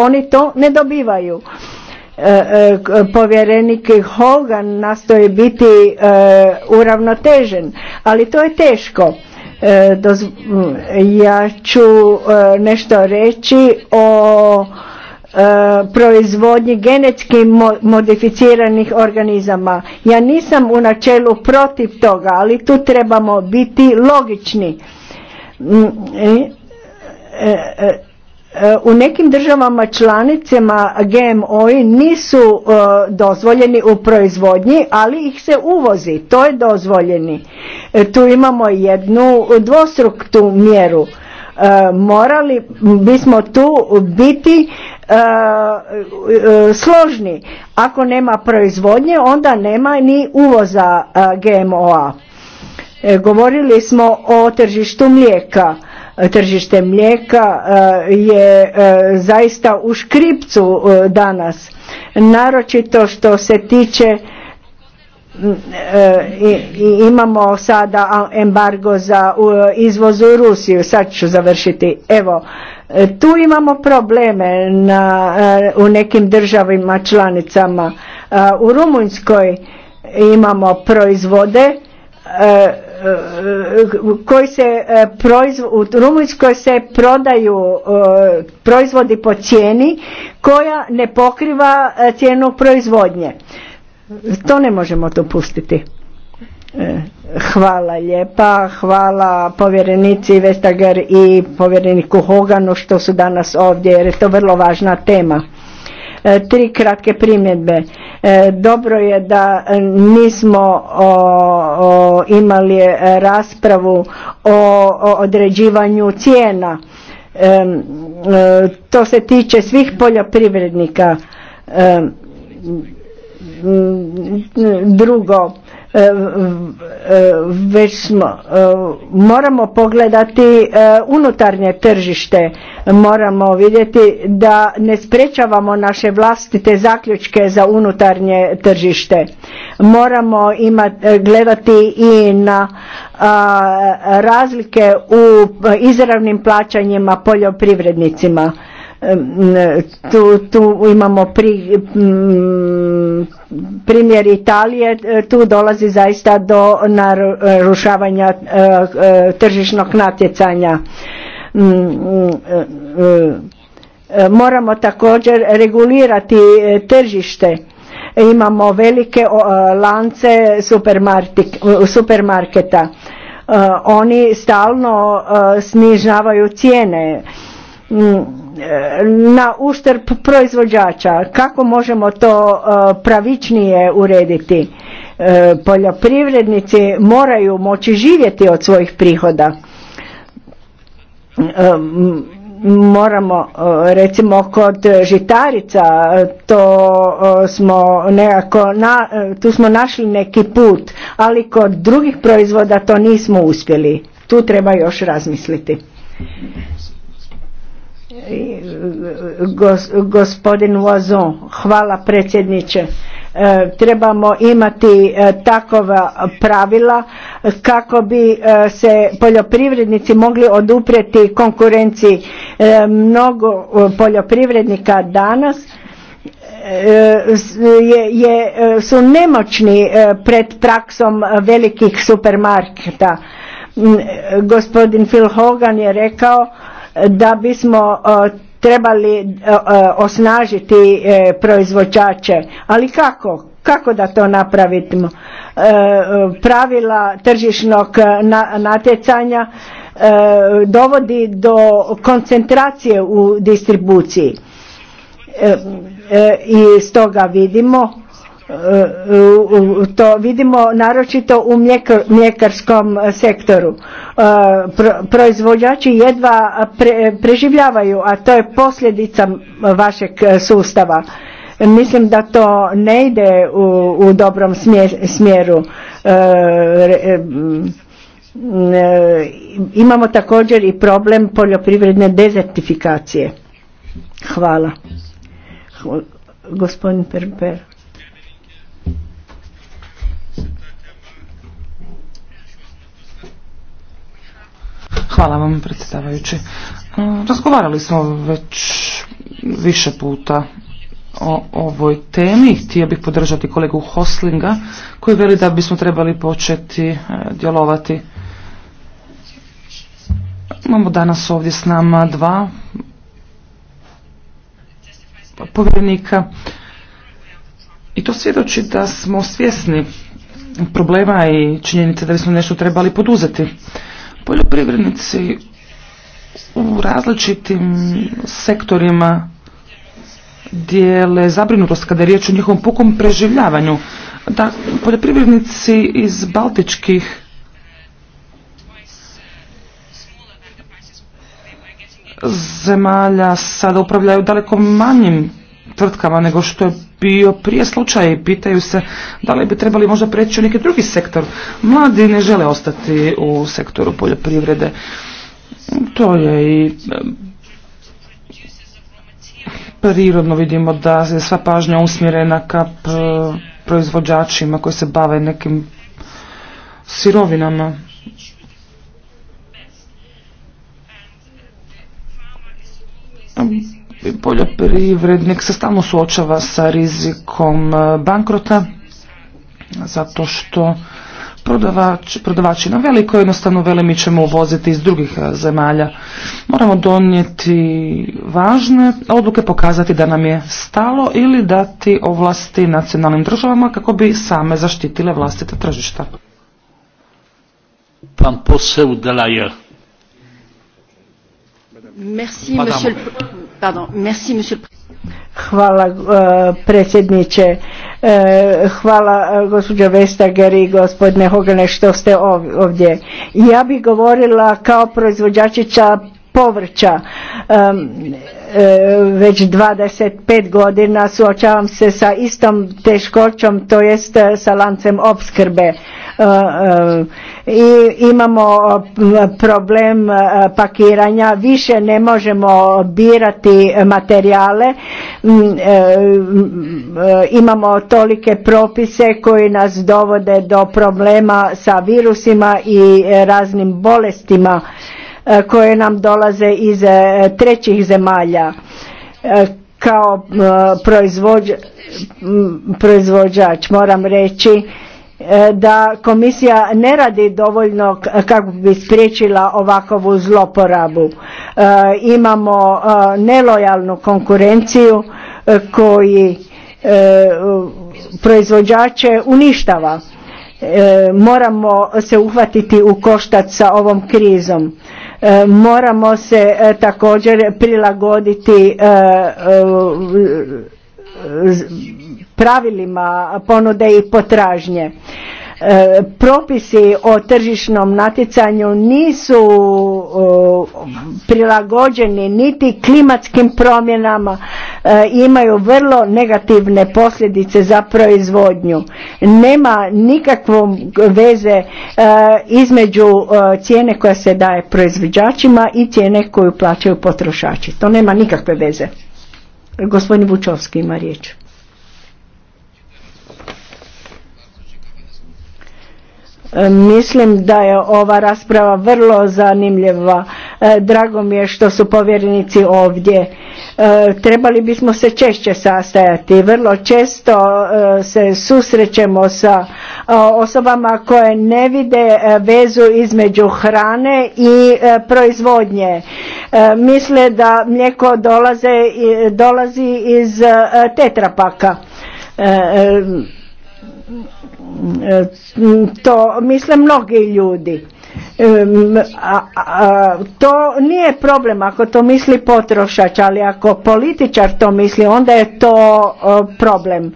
oni to ne dobivaju. E, e, povjerenik Hogan nastoji biti e, uravnotežen, ali to je teško. Ja ću nešto reći o proizvodnji genetski modificiranih organizama. Ja nisam u načelu protiv toga, ali tu trebamo biti logični. Mm, u nekim državama članicama GMO-i nisu e, dozvoljeni u proizvodnji, ali ih se uvozi, to je dozvoljeni. E, tu imamo jednu dvostruktu mjeru. E, morali bismo tu biti složni. Ako nema proizvodnje, onda nema ni uvoza GMO-a. Govorili smo o tržištu mlijeka Tržište mlijeka eh, je eh, zaista u škripcu eh, danas, naročito što se tiče mm, i imamo sada embargo za izvoz u Rusiju, sad ću završiti. Evo, tu imamo probleme na, u nekim državima članicama. U Rumunjskoj imamo proizvode Eh, koji se eh, u Rumunjskoj se prodaju eh, proizvodi po cijeni koja ne pokriva cijenu proizvodnje. To ne možemo dopustiti. Hvala lijepa, hvala povjerenici Vestager i povjereniku Hoganu što su danas ovdje jer je to vrlo važna tema. E, tri kratke primjedbe. E, dobro je da e, nismo imali raspravu o određivanju cijena. To se tiče svih poljoprivrednika. Drugo, E, e, već smo, e, moramo pogledati unutarnje tržište, moramo vidjeti da ne sprečavamo naše vlastite zaključke za unutarnje tržište. Moramo imati gledati i na razlike u izravnim plaćanjima poljoprivrednicima tu, tu imamo primjer Italije, e, tu dolazi zaista do narušavanja e, e, tržišnog natjecanja. Moramo također regulirati tržište imamo velike lance supermarketa. Oni stalno snižavaju cijene Mm, e, na uštrb proizvođača. Kako možemo to e, pravičnije urediti? E, poljoprivrednici moraju moći živjeti od svojih prihoda. Moramo, recimo, kod žitarica, to smo nekako, tu smo našli neki put, ali kod drugih proizvoda to nismo uspjeli. Tu treba još razmisliti gospodin Oazon, hvala predsjedniče. E, trebamo imati takva e, takova pravila kako bi e, se poljoprivrednici mogli odupreti konkurenciji. Mnogo poljoprivrednika danas je, su nemoćni pred praksom velikih supermarketa. Gospodin Phil Hogan je rekao da bismo e, trebali e, e, osnažiti proizvođače. Ali kako? Kako da to napravimo? Pravila tržišnog natjecanja dovodi do koncentracije u distribuciji i stoga vidimo E, e, to vidimo naročito u mljekarskom sektoru. E, proizvođači jedva preživljavaju, a to je posljedica vašeg sustava. Mislim da to ne ide u, dobrom smjeru. Imamo također i problem poljoprivredne dezertifikacije. Hvala. Gospodin Perper. Hvala vam, predstavajući. Mm, razgovarali smo već više puta o ovoj temi. Htio bih podržati kolegu Hoslinga koji veli da bismo trebali početi e, djelovati. Imamo danas ovdje s nama dva povjerenika i to svjedoči da smo svjesni problema i činjenice da bismo nešto trebali poduzeti. Poljoprivrednici u različitim sektorima dijele zabrinutost kada je riječ o njihovom pukom preživljavanju. Da, poljoprivrednici iz baltičkih zemalja sada upravljaju daleko manjim tvrtkama nego što je bio prije slučaj pitaju se da li bi trebali možda preći u neki drugi sektor. Mladi ne žele ostati u sektoru poljoprivrede. To je i prirodno vidimo da je sva pažnja usmjerena ka proizvođačima koji se bave nekim sirovinama poljoprivrednik se stalno suočava sa rizikom e, bankrota zato što prodavači prodavači na veliko jednostavno vele mi ćemo uvoziti iz drugih e, zemalja. Moramo donijeti važne odluke, pokazati da nam je stalo ili dati ovlasti nacionalnim državama kako bi same zaštitile vlastite tržišta. Pan poseł Delajer. Hvala uh, predsjedniče, uh, hvala uh, gospođo Vestager i gospodine Hogane što ste ovdje. Ja bih govorila kao proizvođačica povrća. Um, već 25 godina suočavam se sa istom teškoćom, to jest sa lancem opskrbe E, e, i imamo e, problem pakiranja, više ne možemo birati materijale, mm, mm, imamo tolike propise koji nas dovode do problema sa virusima i raznim bolestima koje nam dolaze iz trećih zemalja kao proizvođač moram reći E, da komisija ne radi dovoljno kako bi spriječila ovakvu zloporabu. E, imamo e, nelojalnu konkurenciju koji proizvođače uništava. Moramo se uhvatiti u koštac sa ovom krizom. Moramo se također prilagoditi pravilima ponude i potražnje. E, propisi o tržišnom natjecanju nisu prilagođeni niti klimatskim promjenama e, imaju vrlo negativne posljedice za proizvodnju nema nikakve veze e, između cijene koja se daje proizvođačima i cijene koju plaćaju potrošači to nema nikakve veze Gospodin Vučovski ima riječ. E, mislim da je ova rasprava vrlo zanimljiva. E, drago mi je što su povjerenici ovdje. E, trebali bismo se češće sastajati. Vrlo često e, se susrećemo sa e, osobama koje ne vide vezu između hrane i proizvodnje. Misle da mlijeko dolaze, dolazi iz tetrapaka to misle mnogi ljudi to nije problem ako to misli potrošač, ali ako političar to misli, onda je to problem.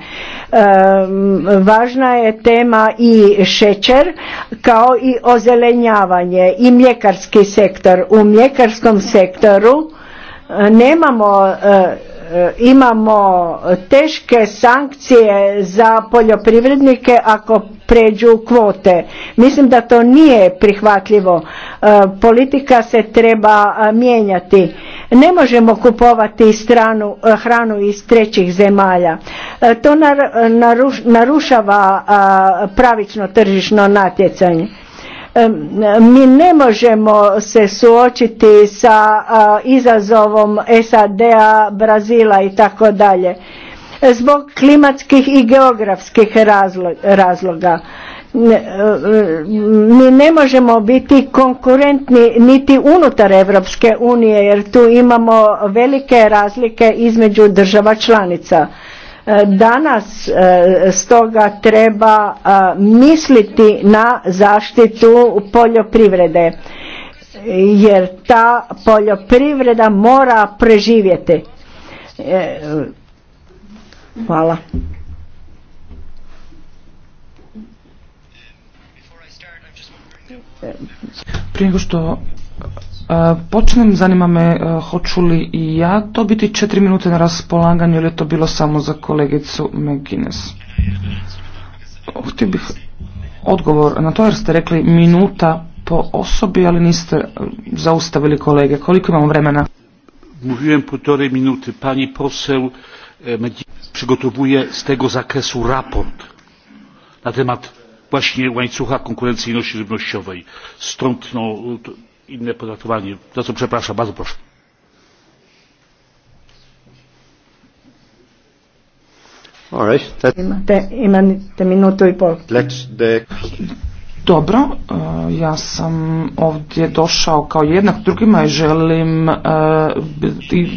važna je tema i šećer kao i ozelenjavanje i mljekarski sektor. U mljekarskom sektoru e, nemamo e, E, imamo teške sankcije za poljoprivrednike ako pređu kvote. Mislim da to nije prihvatljivo. E, politika se treba e, mijenjati. Ne možemo kupovati stranu hranu iz trećih zemalja. To narušava pravično tržišno natjecanje. Mi ne možemo se suočiti sa izazovom SAD-a, Brazila i tako dalje zbog klimatskih i geografskih razloga. Mi ne možemo biti konkurentni niti unutar Europske unije jer tu imamo velike razlike između država članica. E, danas e, stoga treba e, misliti na zaštitu poljoprivrede jer ta poljoprivreda mora preživjeti. Hvala. Prije nego što E, počnem, zanima me e, hoću li i ja to biti četiri minute na raspolaganju ili je to bilo samo za kolegicu McGuinness. Htio bih odgovor na to jer ste rekli minuta po osobi, ali niste e, zaustavili kolege. Koliko imamo vremena? Mówiłem półtorej minuty. Pani poseł przygotowuje z tego zakresu raport na temat właśnie łańcucha konkurencyjności żywnościowej. Stąd no, inne potraktowanie. To co przepraszam. bardzo proszę. i Dobro, e, ja sam ovdje došao kao jednak drugima i želim e,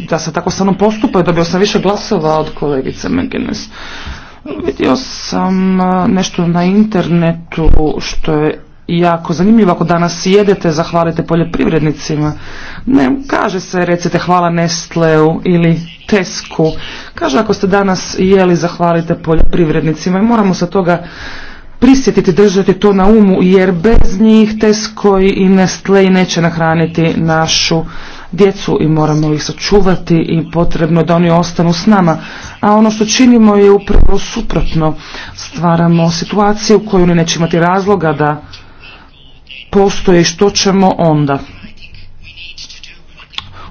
da se tako samo postupa i dobio sam više glasova od kolegice McGinnis. Vidio sam e, nešto na internetu što je jako zanimljivo ako danas jedete, zahvalite poljoprivrednicima. Ne, kaže se recite hvala Nestleu ili Tesku. Kaže ako ste danas jeli, zahvalite poljoprivrednicima i moramo se toga prisjetiti, držati to na umu, jer bez njih Tesko i Nestle neće nahraniti našu djecu i moramo ih sačuvati i potrebno da oni ostanu s nama. A ono što činimo je upravo suprotno. Stvaramo situaciju u kojoj oni neće imati razloga da postoje i što ćemo onda.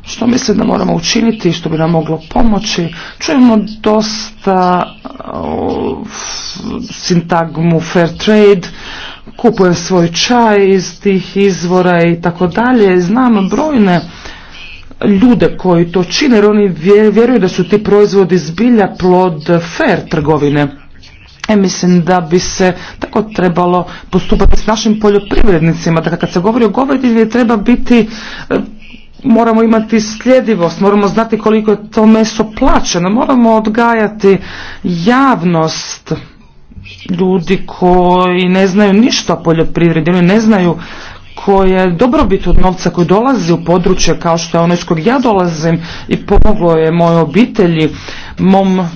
Što mislim da moramo učiniti i što bi nam moglo pomoći? Čujemo dosta sintagmu fair trade, kupujem svoj čaj iz tih izvora i tako dalje. Znam brojne ljude koji to čine jer oni vjeruju da su ti proizvodi zbilja plod fair trgovine. E, mislim da bi se tako trebalo postupati s našim poljoprivrednicima. Dakle, kad se govori o govedini, treba biti e, moramo imati sljedivost, moramo znati koliko je to meso plaćeno, moramo odgajati javnost ljudi koji ne znaju ništa o poljoprivredi, oni ne znaju koje je dobrobit od novca koji dolazi u područje kao što je ono iz kojeg ja dolazim i pomoglo je mojoj obitelji, mom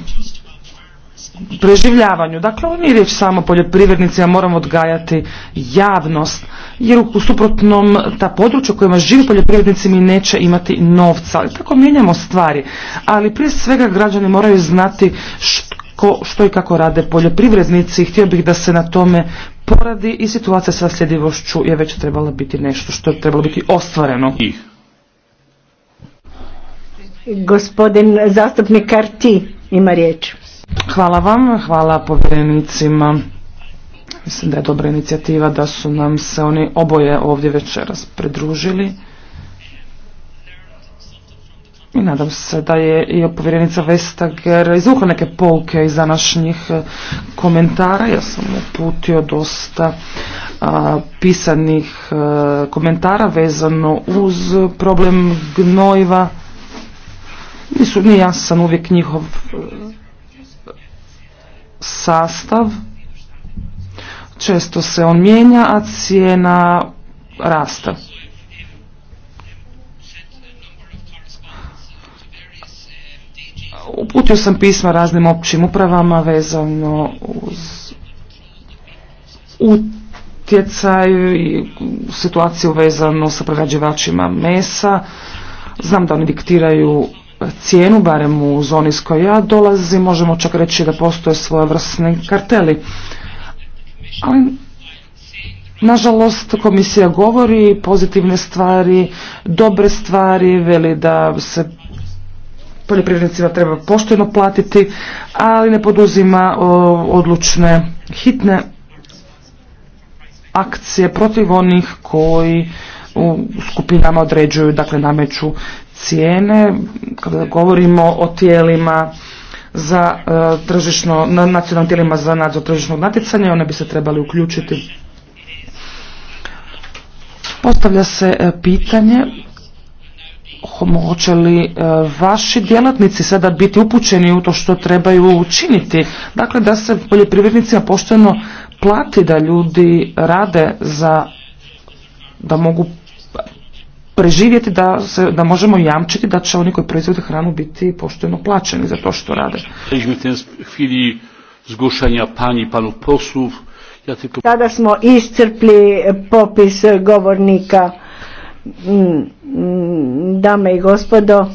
preživljavanju. Dakle, ovo nije riječ samo poljoprivrednici, a moramo odgajati javnost, jer u suprotnom ta područja u kojima živi poljoprivrednici mi neće imati novca. I tako mijenjamo stvari, ali prije svega građani moraju znati što, što i kako rade poljoprivrednici. Htio bih da se na tome poradi i situacija sa sljedivošću je već trebala biti nešto što je trebalo biti ostvareno. Gospodin zastupnik Karti ima riječ. Hvala vam, hvala povjerenicima. Mislim da je dobra inicijativa da su nam se oni oboje ovdje večeras pridružili. I nadam se da je i povjerenica Vestager izvukla neke pouke iz današnjih eh, komentara. Ja sam uputio dosta pisanih eh, komentara vezano uz problem gnojiva. Nisu, ja jasan uvijek njihov eh, sastav, često se on mijenja, a cijena rasta. Uputio sam pisma raznim općim upravama vezano uz utjecaj i situaciju vezano sa prerađivačima mesa. Znam da oni diktiraju cijenu, barem u zoni s koje ja dolazim, možemo čak reći da postoje svojevrsni karteli. Ali, nažalost, komisija govori pozitivne stvari, dobre stvari, veli da se poljoprivrednicima treba pošteno platiti, ali ne poduzima odlučne, hitne akcije protiv onih koji u skupinama određuju, dakle nameću cijene kada govorimo o tijelima za e, tržišno, nacionalnim tijelima za nadzor tržišnog natjecanja, one bi se trebali uključiti. Postavlja se e, pitanje hoće li e, vaši djelatnici sada biti upućeni u to što trebaju učiniti. Dakle, da se poljoprivrednicima pošteno plati da ljudi rade za da mogu preživjeti da, se, da možemo jamčiti da će oni koji proizvode hranu biti pošteno plaćeni za to što rade. Tada smo iscrpli popis govornika. Mm, mm, dame i gospodo,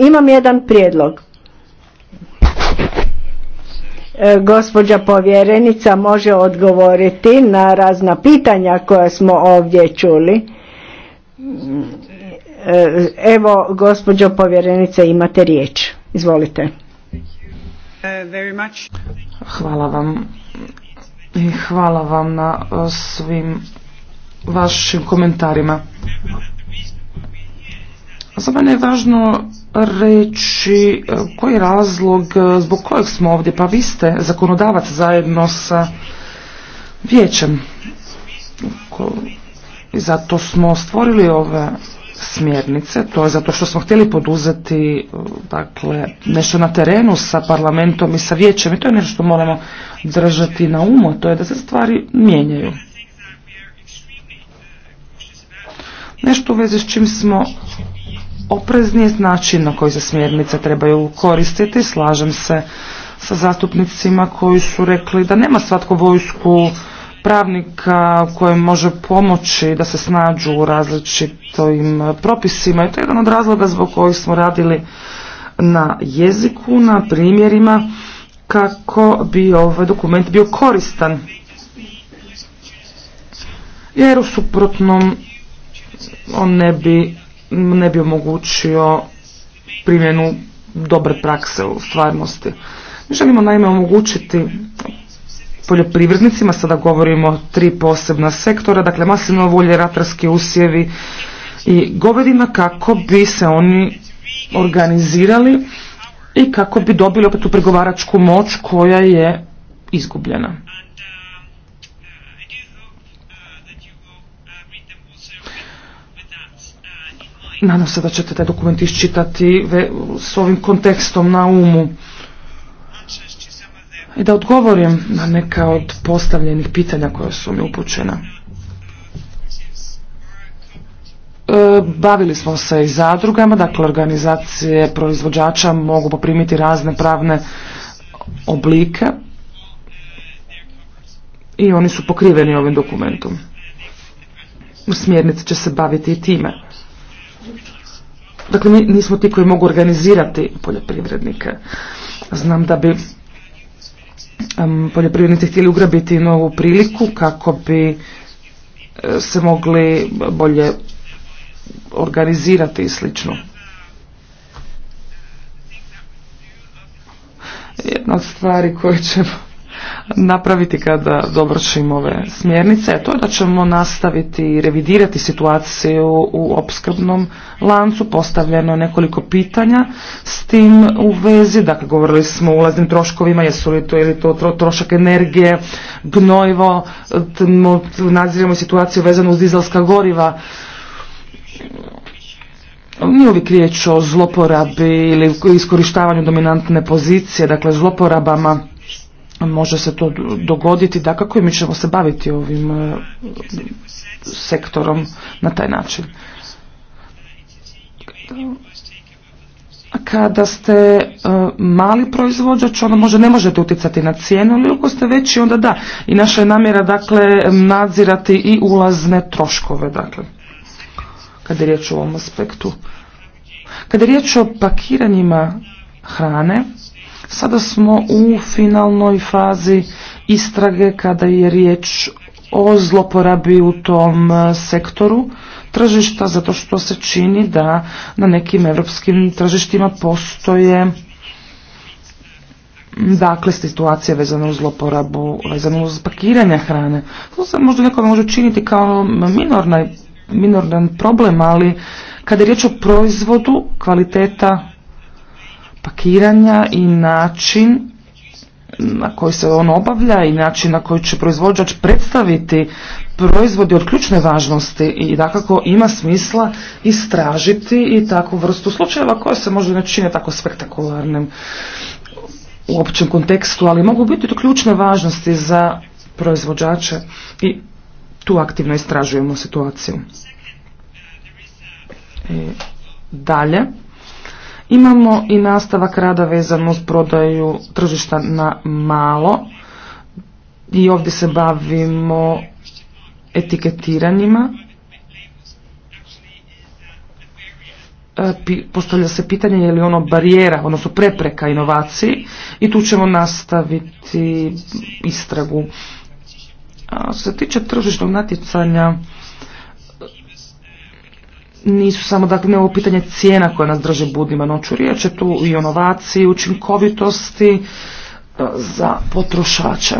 imam jedan prijedlog. E, gospođa povjerenica može odgovoriti na razna pitanja koja smo ovdje čuli Mm, e, evo, gospođo povjerenice, imate riječ. Izvolite. Hvala vam. hvala vam na svim vašim komentarima. Za mene je važno reći e, koji je razlog e, zbog kojeg smo ovdje. Pa vi ste zakonodavac zajedno sa vijećem i zato smo stvorili ove smjernice, to je zato što smo htjeli poduzeti dakle, nešto na terenu sa parlamentom i sa vijećem i to je nešto što moramo držati na umu, to je da se stvari mijenjaju. Nešto u vezi s čim smo oprezni je način na koji se smjernice trebaju koristiti, slažem se sa zastupnicima koji su rekli da nema svatko vojsku pravnika kojem može pomoći da se snađu u različitim propisima i to je jedan od razloga zbog kojih smo radili na jeziku, na primjerima kako bi ovaj dokument bio koristan. Jer u suprotnom on ne bi, ne bi omogućio primjenu dobre prakse u stvarnosti. Mi želimo naime omogućiti poljoprivrednicima, sada govorimo o tri posebna sektora, dakle maslinovo ulje, ratarske usjevi i govedina kako bi se oni organizirali i kako bi dobili opet tu pregovaračku moć koja je izgubljena. Nadam se da ćete taj dokument iščitati s ovim kontekstom na umu i da odgovorim na neka od postavljenih pitanja koja su mi upućena. E, bavili smo se i zadrugama, dakle organizacije proizvođača mogu poprimiti razne pravne oblike i oni su pokriveni ovim dokumentom. Smjernice će se baviti i time. Dakle, mi nismo ti koji mogu organizirati poljoprivrednike. Znam da bi poljoprivrednici htjeli ugrabiti novu priliku kako bi e, se mogli bolje organizirati i slično. Jedna od stvari koje ćemo napraviti kada dovršimo ove smjernice, to je da ćemo nastaviti i revidirati situaciju u opskrbnom lancu. Postavljeno je nekoliko pitanja s tim u vezi, dakle govorili smo o ulaznim troškovima, jesu li to ili to trošak energije, gnojivo, nadziramo situaciju vezanu uz dizelska goriva, nije uvijek riječ o zloporabi ili iskorištavanju dominantne pozicije, dakle zloporabama može se to dogoditi, da kako i mi ćemo se baviti ovim e, sektorom na taj način. Kada ste e, mali proizvođač, onda možda ne možete utjecati na cijenu, ali ako ste veći, onda da. I naša je namjera, dakle, nadzirati i ulazne troškove, dakle, kada je riječ o ovom aspektu. Kada je riječ o pakiranjima hrane, Sada smo u finalnoj fazi istrage kada je riječ o zloporabi u tom e, sektoru tržišta zato što se čini da na nekim europskim tržištima postoje dakle situacija vezana uz zloporabu, vezane uz pakiranje hrane. To se možda nekome može činiti kao minorna, minoran problem, ali kada je riječ o proizvodu, kvaliteta pakiranja i način na koji se on obavlja i način na koji će proizvođač predstaviti proizvodi od ključne važnosti i dakako ima smisla istražiti i takvu vrstu slučajeva koja se možda ne čine tako spektakularnim u općem kontekstu, ali mogu biti od ključne važnosti za proizvođače i tu aktivno istražujemo situaciju. E, dalje, Imamo i nastavak rada vezano uz prodaju tržišta na malo i ovdje se bavimo etiketiranjima. E, postavlja se pitanje je li ono barijera, odnosno prepreka inovaciji i tu ćemo nastaviti istragu. A što se tiče tržišnog natjecanja, nisu samo dakle ne ovo pitanje cijena koja nas drže budnima noću riječ je tu i o novaciji, učinkovitosti e, za potrošače.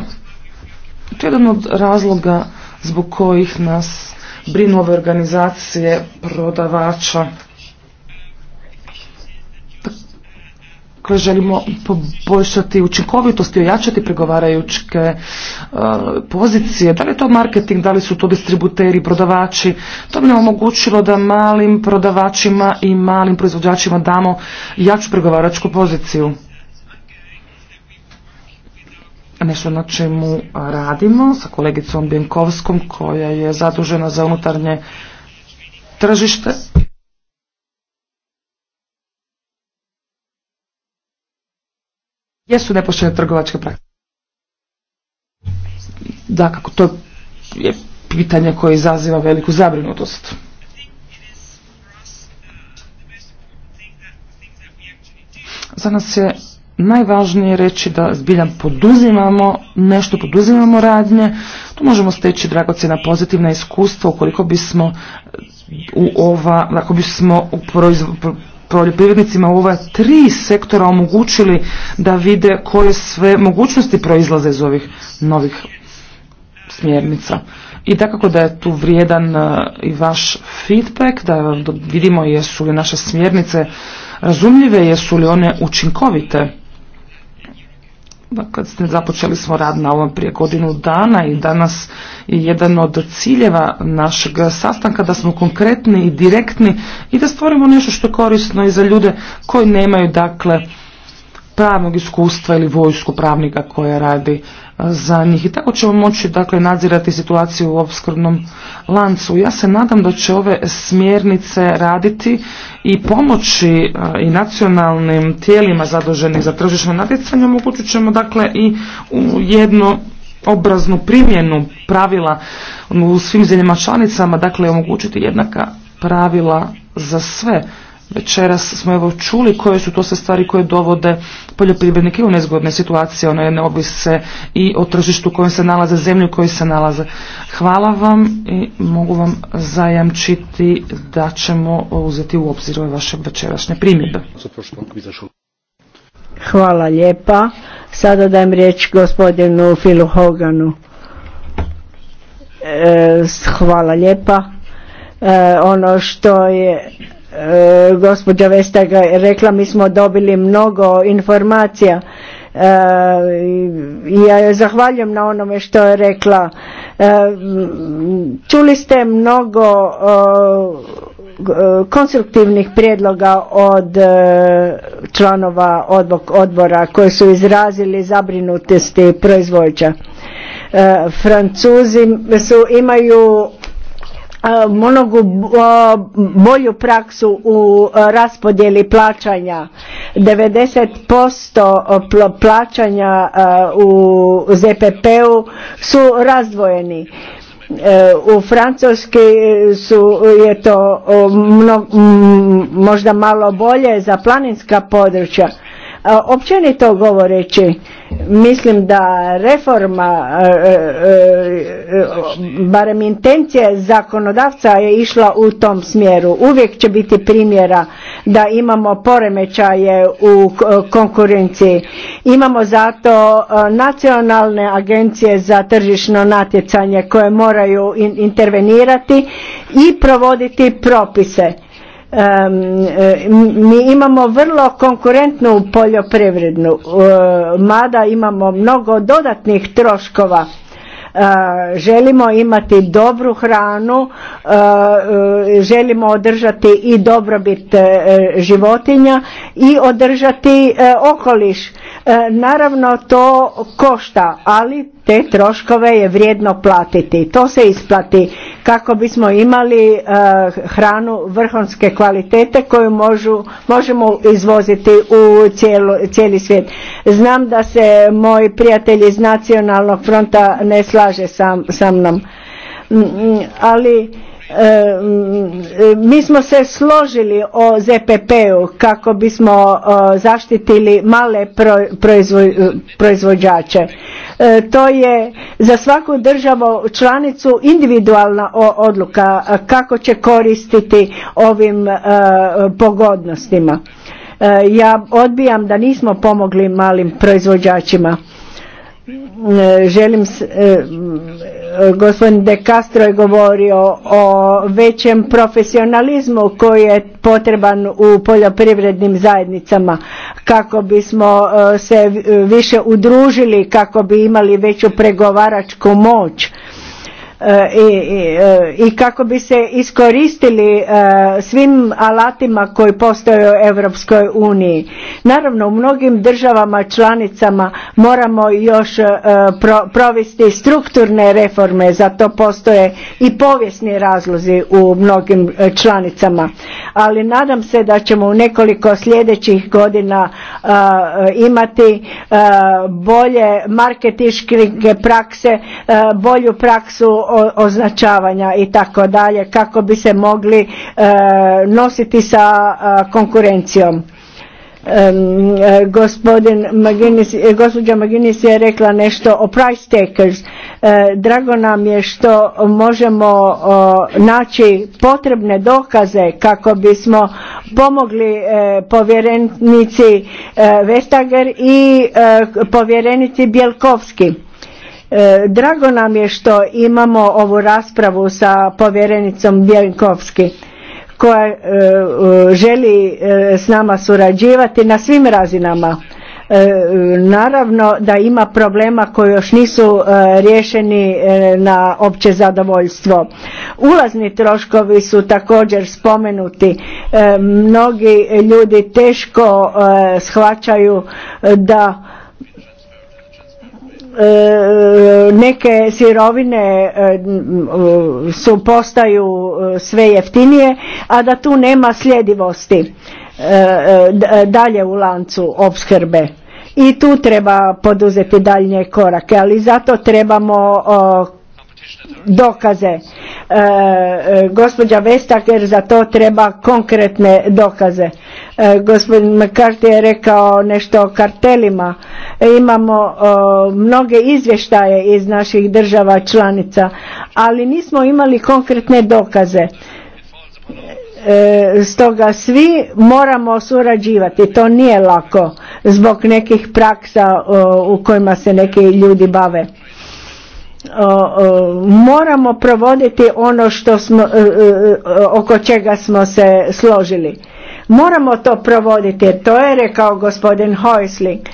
To je jedan od razloga zbog kojih nas brinu ove organizacije prodavača Dakle, želimo poboljšati učinkovitost i ojačati pregovarajućke e, pozicije. Da li je to marketing, da li su to distributeri, prodavači? To bi nam omogućilo da malim prodavačima i malim proizvođačima damo jaču pregovaračku poziciju. Nešto na čemu radimo sa kolegicom Bjenkovskom koja je zadužena za unutarnje tržište. jesu nepoštene trgovačke prakse. kako to je pitanje koje izaziva veliku zabrinutost. Za nas je najvažnije reći da zbilja poduzimamo nešto, poduzimamo radnje, tu možemo steći dragocjena pozitivna iskustva ukoliko bismo u ova, ako bismo u proizvod poljoprivrednicima u ova tri sektora omogućili da vide koje sve mogućnosti proizlaze iz ovih novih smjernica. I takako da je tu vrijedan e, i vaš feedback, da vidimo jesu li naše smjernice razumljive, jesu li one učinkovite. Dakle, započeli smo rad na ovom prije godinu dana i danas je jedan od ciljeva našeg sastanka da smo konkretni i direktni i da stvorimo nešto što je korisno i za ljude koji nemaju dakle pravnog iskustva ili vojsku pravnika koja radi za njih. I tako ćemo moći dakle, nadzirati situaciju u opskrbnom lancu. Ja se nadam da će ove smjernice raditi i pomoći eh, i nacionalnim tijelima zaduženih za tržišno natjecanje omogućit ćemo dakle i u jedno obraznu primjenu pravila u svim zemljama članicama, dakle omogućiti jednaka pravila za sve. Večeras smo evo čuli koje su to sve stvari koje dovode poljoprivrednike u nezgodne situacije, one je ovise i o tržištu u kojem se nalaze, zemlju u kojoj se nalaze. Hvala vam i mogu vam zajamčiti da ćemo uzeti u obzir ove vaše večerašnje primjedbe. Hvala lijepa. Sada dajem riječ gospodinu Filu Hoganu. E, hvala lijepa. E, ono što je E, gospođa Vesta je rekla mi smo dobili mnogo informacija e, i ja joj zahvaljujem na onome što je rekla e, čuli ste mnogo e, konstruktivnih prijedloga od članova odbora koji su izrazili zabrinutosti proizvođača Francuzi su, imaju mnogo bolju praksu u raspodjeli plaćanja. 90% plaćanja u ZPP-u su razdvojeni. E, u Francuski su, je to možda malo bolje za planinska područja Općenito govoreći, mislim da reforma, barem intencija zakonodavca je išla u tom smjeru. Uvijek će biti primjera da imamo poremećaje u konkurenciji. Imamo zato nacionalne agencije za tržišno natjecanje koje moraju intervenirati i provoditi propise mi imamo vrlo konkurentnu poljoprivrednu e, mada imamo mnogo dodatnih troškova e, želimo imati dobru hranu e, želimo održati i dobrobit životinja i održati okoliš naravno to košta ali te troškove je vrijedno platiti. To se isplati kako bismo imali e, hranu vrhunske kvalitete koju možu, možemo izvoziti u cijeli svijet. Znam da se moji prijatelji iz Nacionalnog fronta ne slaže sa mnom, mm, mm, ali e, mm, mi smo se složili o ZPP-u kako bismo e, zaštitili male proizvođače E, to je za svaku državu članicu individualna odluka e, kako će koristiti ovim e, pogodnostima. Ja odbijam da nismo pomogli malim proizvođačima E, želim e, gospodin De Castro je govorio o većem profesionalizmu koji je potreban u poljoprivrednim zajednicama kako bismo e, se više udružili kako bi imali veću pregovaračku moć i kako bi se iskoristili e, svim alatima koji postoje u Europskoj uniji. Naravno u mnogim državama članicama moramo još e, provesti strukturne reforme, za to postoje i povijesni razlozi u mnogim e, članicama. Ali nadam se da ćemo u nekoliko sljedećih godina imati bolje marketiške prakse, bolju praksu označavanja i tako dalje kako bi se mogli e, nositi sa e, konkurencijom. E, gospodin gospođa Maginis je rekla nešto o price takers. Drago nam je što možemo naći potrebne dokaze kako bismo pomogli povjerenici Vestager i povjerenici Bjelkovski E, drago nam je što imamo ovu raspravu sa povjerenicom Bjelinkovski koja e, e, želi s nama surađivati na svim razinama. Naravno da ima problema koji još nisu riješeni na opće zadovoljstvo. Ulazni troškovi su također spomenuti. Mnogi ljudi teško shvaćaju da E, neke sirovine e, su postaju e, sve jeftinije, a da tu nema sljedivosti dalje u lancu opskrbe. I tu treba poduzeti daljnje korake, ali zato trebamo dokaze. E, e, gospođa Vestager za to treba konkretne dokaze. E, gospodin McCarthy je rekao nešto o kartelima. imamo mnoge izvještaje iz naših država članica, ali nismo imali konkretne dokaze. Stoga svi moramo surađivati, to nije lako zbog nekih praksa u kojima se neki ljudi bave moramo provoditi ono što smo, e, e, oko čega smo se složili. Moramo to provoditi to je rekao gospodin Hojsling e,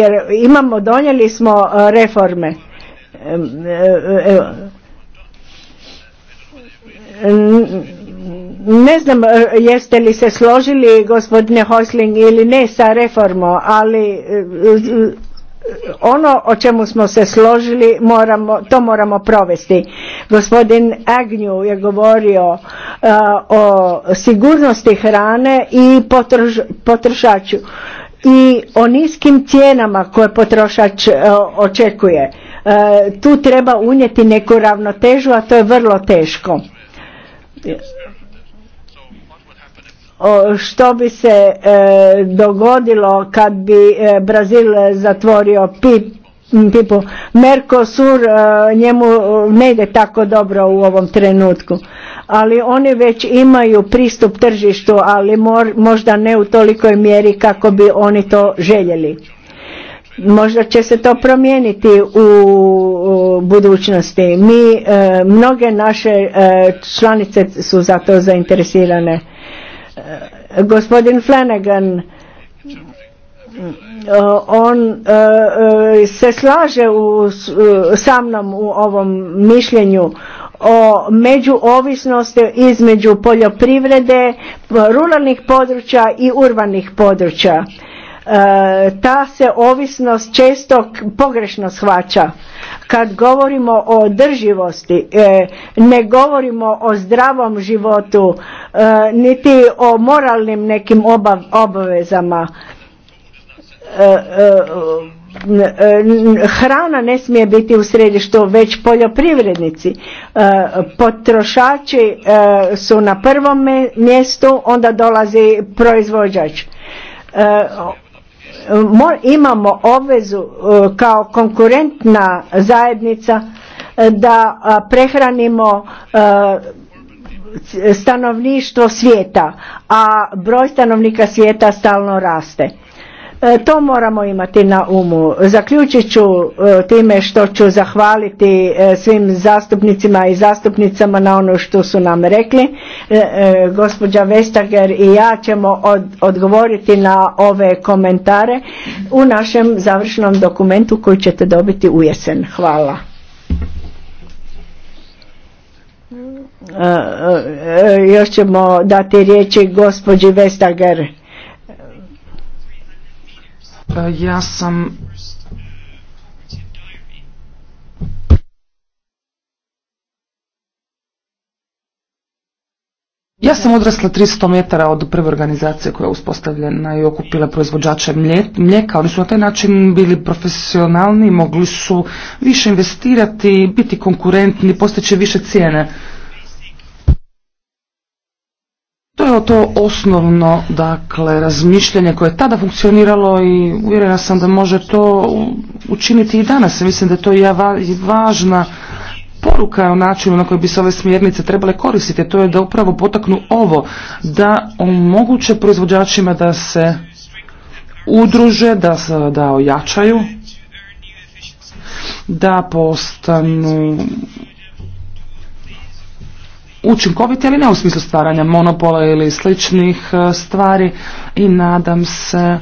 jer imamo, donijeli smo reforme. Ne znam jeste li se složili gospodine Hojsling ili ne sa reformom, ali ono o čemu smo se složili moramo, to moramo provesti. Gospodin Agnew je govorio uh, o sigurnosti hrane i potrošaču i o niskim cijenama koje potrošač uh, očekuje. Uh, tu treba unijeti neku ravnotežu, a to je vrlo teško što bi se e, dogodilo kad bi e, Brazil zatvorio pipu. Mercosur e, njemu ne ide tako dobro u ovom trenutku, ali oni već imaju pristup tržištu, ali možda ne u tolikoj mjeri kako bi oni to željeli. Možda će se to promijeniti u budućnosti. Mi, mnoge naše članice su za to zainteresirane. Gospodin Flanagan, on e, e, se slaže u, e, sa mnom u ovom mišljenju o međuovisnosti između poljoprivrede, ruralnih područja i urbanih područja E, ta se ovisnost često pogrešno shvaća. Kad govorimo o održivosti, e, ne govorimo o zdravom životu, e, niti o moralnim nekim obavezama. Hrana ne smije biti u središtu, već poljoprivrednici. Potrošači su na prvom mjestu, onda dolazi proizvođač imamo obvezu e, kao konkurentna zajednica e, da e, prehranimo stanovništvo svijeta, a broj stanovnika svijeta stalno raste. E, to moramo imati na umu. Zaključit ću e, time što ću zahvaliti e, svim zastupnicima i zastupnicama na ono što su nam rekli. Gospođa Vestager i ja ćemo odgovoriti na ove komentare u našem završnom dokumentu koji ćete dobiti u jesen. Hvala. Još ćemo dati riječi gospođi Vestager E, ja sam Ja sam odrasla 300 metara od prve organizacije koja je uspostavljena i okupila proizvođače mlijeka. Oni su na taj način bili profesionalni, mogli su više investirati, biti konkurentni, postići više cijene. je to osnovno dakle, razmišljanje koje je tada funkcioniralo i uvjerena sam da može to učiniti i danas. Mislim da je to i važna poruka o načinu na koji bi se ove smjernice trebale koristiti, to je da upravo potaknu ovo, da omoguće proizvođačima da se udruže, da se da ojačaju, da postanu učinkovite ali ne u smislu stvaranja monopola ili sličnih e, stvari i nadam se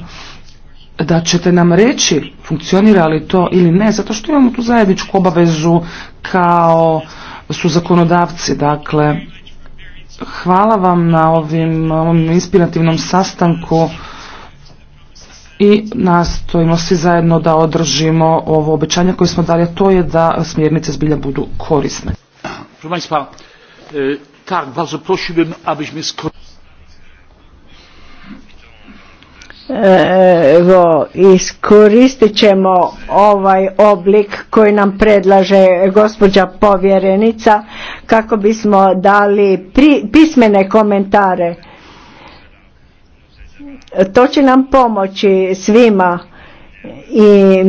da ćete nam reći funkcionira li to ili ne, zato što imamo tu zajedničku obavezu kao su zakonodavci, dakle hvala vam na ovim, ovom inspirativnom sastanku i nastojimo svi zajedno da održimo ovo obećanje koje smo dali, a to je da smjernice zbilja budu korisne. Hvala E, tak, bardzo prosiłbym, abyśmy e, Evo, iskoristit ćemo ovaj oblik koji nam predlaže gospođa povjerenica kako bismo dali pri, pismene komentare. To će nam pomoći svima i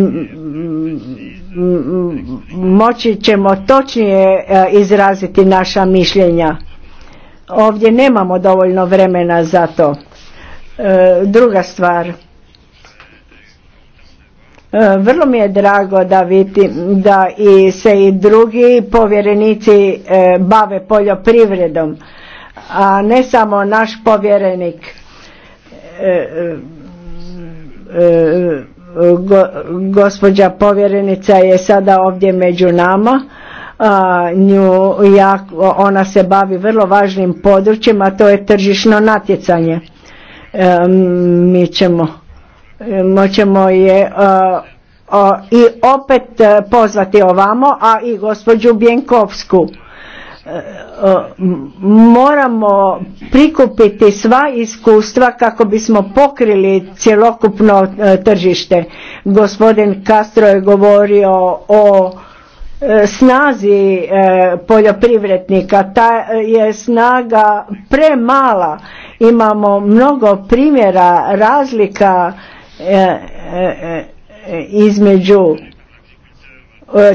moći ćemo točnije e, izraziti naša mišljenja. Ovdje nemamo dovoljno vremena za to. E, druga stvar. E, vrlo mi je drago da vidim da i se i drugi povjerenici bave poljoprivredom, a ne samo naš povjerenik gospođa povjerenica je sada ovdje među nama nju, ja, ona se bavi vrlo važnim područjem, a to je tržišno natjecanje e, mi ćemo moćemo je i opet e, pozvati ovamo a i gospođu Bjenkovsku E, moramo prikupiti sva iskustva kako bismo pokrili cjelokupno e, tržište. Gospodin Castro je govorio o e, snazi poljoprivrednika, ta je snaga premala. Imamo mnogo primjera razlika između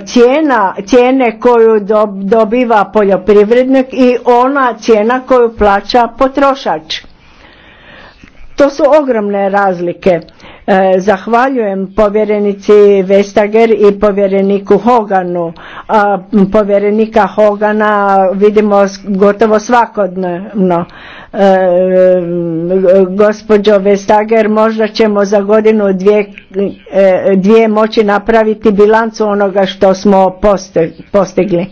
cijena, cijene koju dobiva poljoprivrednik i ona cijena koju plaća potrošač. To su ogromne razlike E, zahvaljujem povjerenici Vestager i povjereniku Hoganu. E, povjerenika Hogana vidimo gotovo svakodnevno. E, gospođo Vestager, možda ćemo za godinu dvije, dvije moći napraviti bilancu onoga što smo postigli.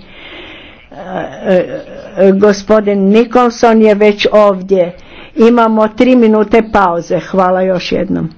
Gospodin Nikolson je već ovdje. Imamo tri minute pauze. Hvala još jednom.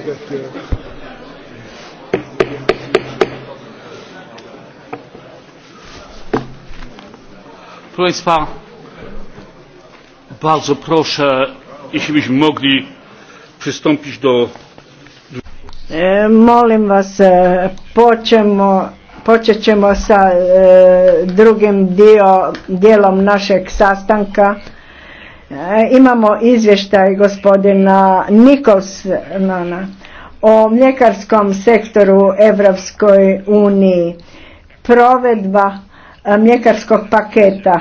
Proszę Państwa, bardzo proszę, jeśli byśmy mogli przystąpić do... E, molim Was, e, poćemo, počet ćemo sa e, drugim dio, dijelom našeg sastanka. E, imamo izvještaj gospodina Nikosnana o mljekarskom sektoru Evropskoj uniji. Provedba e, mljekarskog paketa.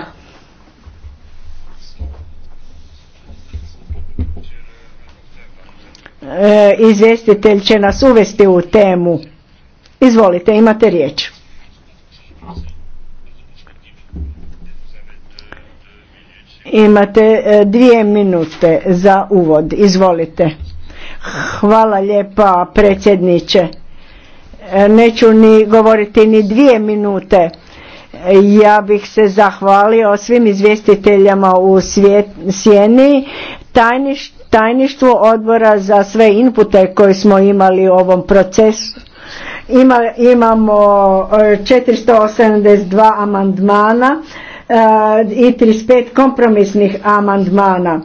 E, izvjestitelj će nas uvesti u temu. Izvolite, imate riječ. Imate e, dvije minute za uvod. Izvolite. Hvala lijepa predsjedniče. E, neću ni govoriti ni dvije minute. Ja bih se zahvalio svim izvjestiteljama u Sjeni, tajništvu odbora za sve inpute koje smo imali u ovom procesu. Ima, imamo 482 e, amandmana i 35 kompromisnih amandmana.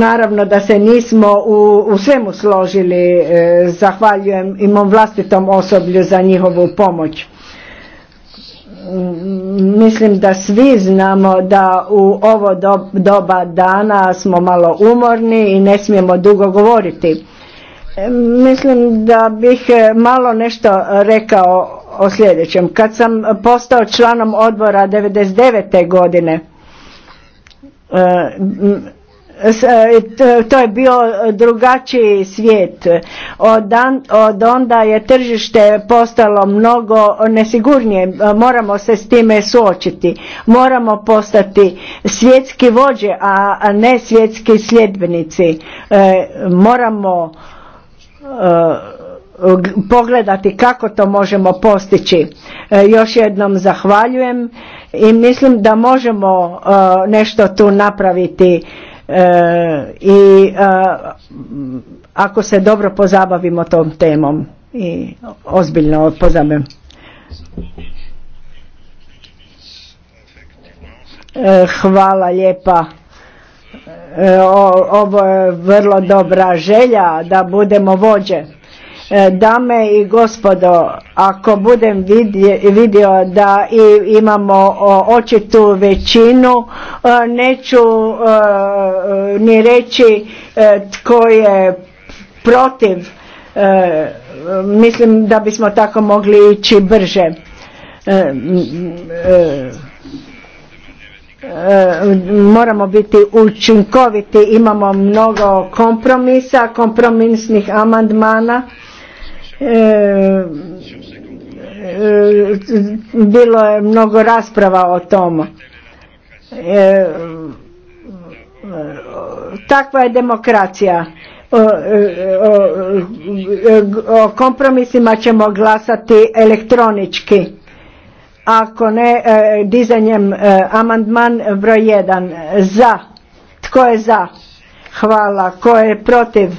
Naravno da se nismo u, u svemu složili, e, zahvaljujem i mom vlastitom osoblju za njihovu pomoć. Mislim da svi znamo da u ovo doba dana smo malo umorni i ne smijemo dugo govoriti. Mislim da bih e, malo nešto rekao o sljedećem. Kad sam postao članom odbora 99. godine, e, e, to je bio drugačiji svijet. Od, od onda je tržište postalo mnogo nesigurnije. Moramo se s time suočiti. Moramo postati svjetski vođe, a ne svjetski sljedbenici. E, moramo pogledati kako to možemo postići. E, još jednom zahvaljujem i mislim da možemo e, nešto tu napraviti e, i ako se dobro pozabavimo tom temom i ozbiljno pozabavimo. Hvala lijepa. Ovo je vrlo dobra želja da budemo vođe. E, dame i gospodo, ako budem vidio da imamo očitu većinu, e, neću e, ni reći tko je protiv. Mislim da bismo tako mogli ići brže. Moramo biti učinkoviti, imamo mnogo kompromisa, kompromisnih amandmana E, e, bilo je mnogo rasprava o tom. E, takva je demokracija. O, kompromisima ćemo glasati elektronički. Ako ne, dizanjem amandman broj 1. Za. Tko je za? Hvala. Tko je protiv?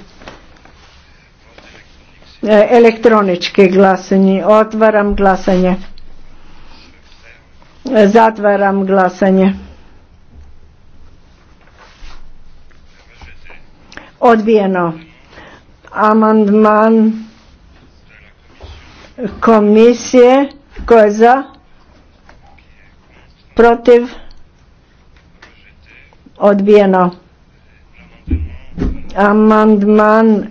E, elektronički glasanje. Otvaram glasanje. E, zatvaram glasanje. Odbijeno. Amandman komisije. koja je za? Protiv? Odbijeno. Amandman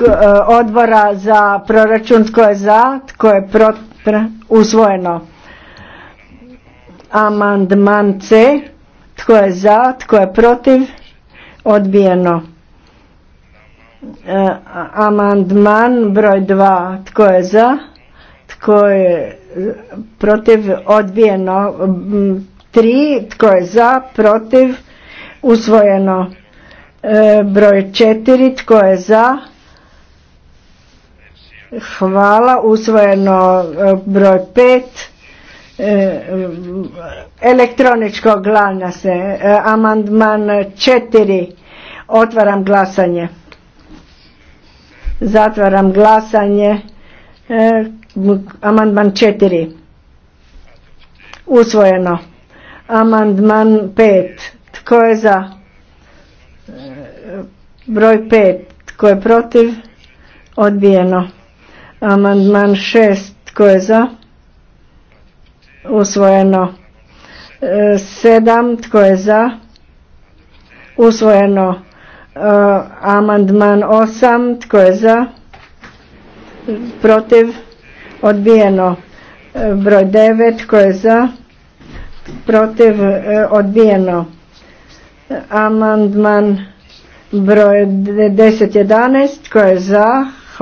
E, odbora za proračunsko je za, tko je pro, usvojeno. Amandman C, tko je za, tko je protiv, odbijeno. E, amandman broj 2, tko je za, tko je protiv, odbijeno. 3, tko je za, protiv, usvojeno. E, broj 4, tko je za, Hvala. Usvojeno e, broj pet, e, Elektroničko glavna se. E, amandman četiri, Otvaram glasanje. Zatvaram glasanje. Amandman četiri, Usvojeno. Amandman pet, Tko je za? Broj pet, Tko je protiv? Odbijeno. Amandman 6. Tko je za? Usvojeno. 7. E, tko je za? Usvojeno. E, amandman 8. Tko je za? Protiv? Odbijeno. E, broj 9. Tko je za? Protiv? Odbijeno. Amandman broj 10, 11, Tko je za?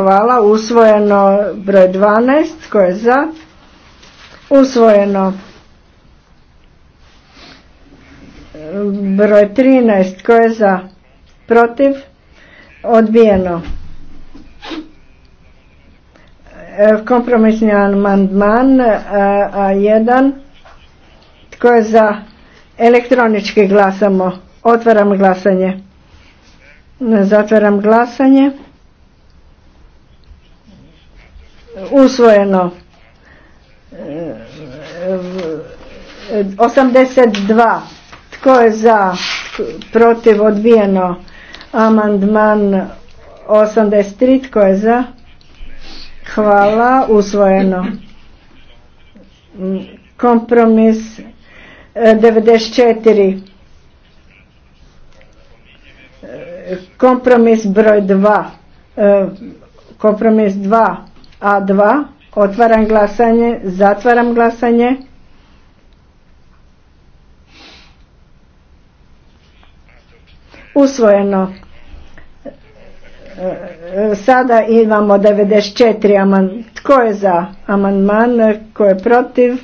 Hvala. Usvojeno broj 12. Tko je za? Usvojeno broj 13. Tko je za? Protiv? Odbijeno. E, kompromisni amandman e, A1. Tko je za? Elektronički glasamo. Otvaram glasanje. Zatvaram glasanje usvojeno 82 tko je za protiv odbijeno amandman 83 tko je za hvala usvojeno kompromis 94 e, kompromis broj 2 e, kompromis 2 a2. Otvaram glasanje. Zatvaram glasanje. Usvojeno. E, e, sada imamo 94 amandman. Tko je za amandman? Tko je protiv?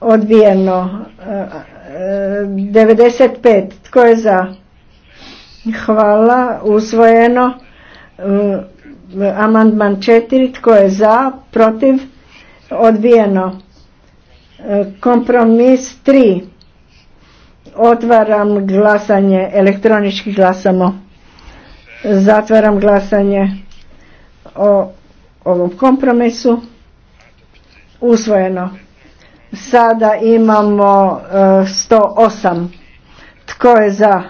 Odbijeno. 95. E, tko je za? Hvala. Usvojeno. Amandman četiri, Tko je za? Protiv? Odbijeno. E, kompromis tri. Otvaram glasanje. Elektronički glasamo. Zatvaram glasanje o ovom kompromisu. Usvojeno. Sada imamo 108. E, tko je za?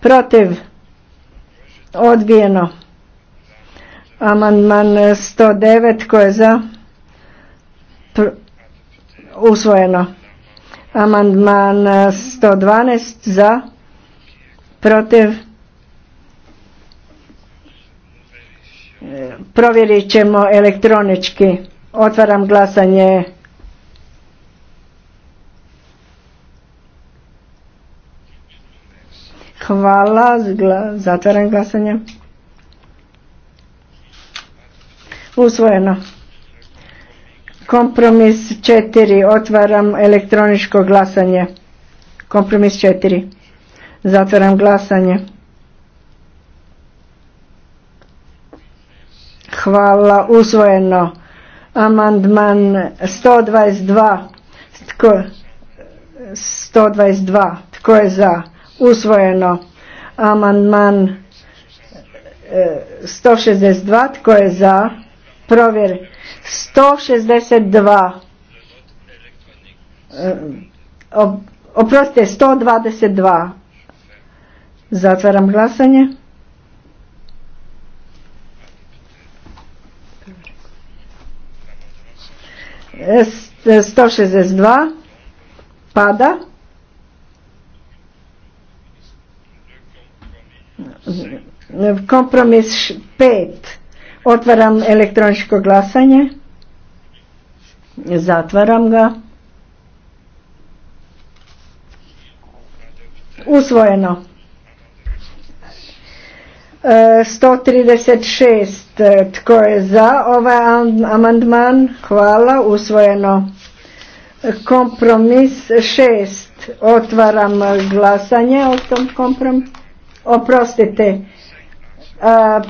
Protiv? Odbijeno. Amandman 109 tko je za? Usvojeno. Amandman 112 za? Protiv? Provjerit ćemo elektronički. Otvaram glasanje. Hvala. Zatvaram glasanje. Usvojeno. Kompromis 4. Otvaram elektroničko glasanje. Kompromis 4. Zatvaram glasanje. Hvala. Usvojeno. Amandman 122. Tko, 122. Tko je za? Usvojeno. Amandman 162. E, Tko je za? provjer 162 e, oprostite 122 zatvaram glasanje e, S, 162 pada kompromis 5. Otvaram elektroničko glasanje. Zatvaram ga. Usvojeno. 136. E, e, tko je za ovaj amandman? Hvala. Usvojeno. Kompromis 6. Otvaram glasanje o tom kompromisu. Oprostite.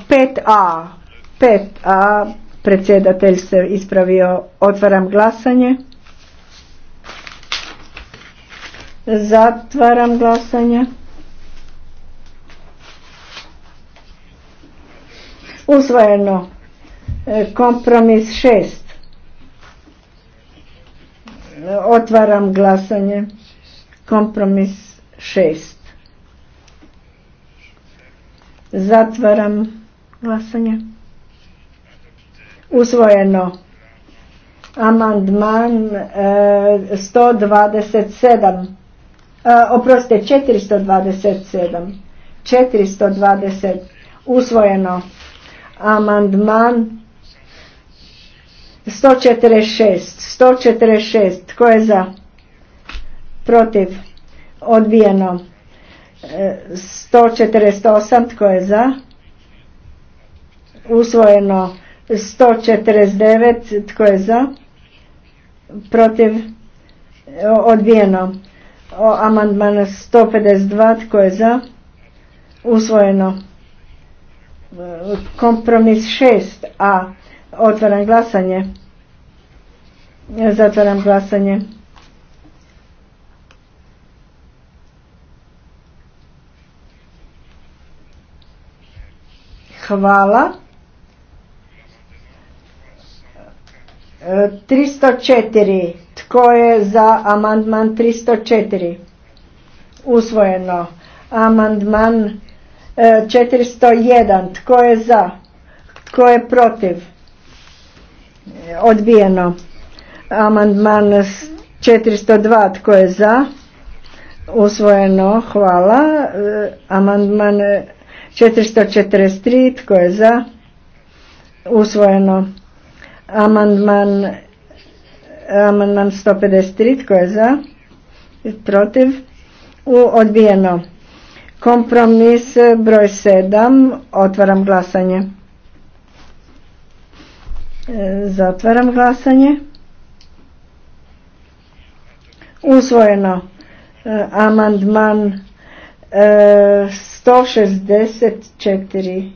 5a. E, 5a predsjedatelj se ispravio otvaram glasanje zatvaram glasanje usvojeno e, kompromis 6 otvaram glasanje kompromis 6 zatvaram glasanje usvojeno amandman 127 e, e, oprostite 427 420 usvojeno amandman 146 146 tko je za protiv odbijeno 148 e, tko je za usvojeno 149 tko je za protiv odbijeno o amandman 152 tko je za usvojeno kompromis 6a otvaram glasanje zatvaram glasanje hvala 304. Tko je za amandman 304? Usvojeno. Amandman 401. E, Tko je za? Tko je protiv? Odbijeno. Amandman 402. Tko je za? Usvojeno. Hvala. E, amandman 443. Tko je za? Usvojeno. Amandman amandman 153 tko je za protiv u odbijeno kompromis broj 7 otvaram glasanje e, zatvaram glasanje usvojeno e, amandman 164 e,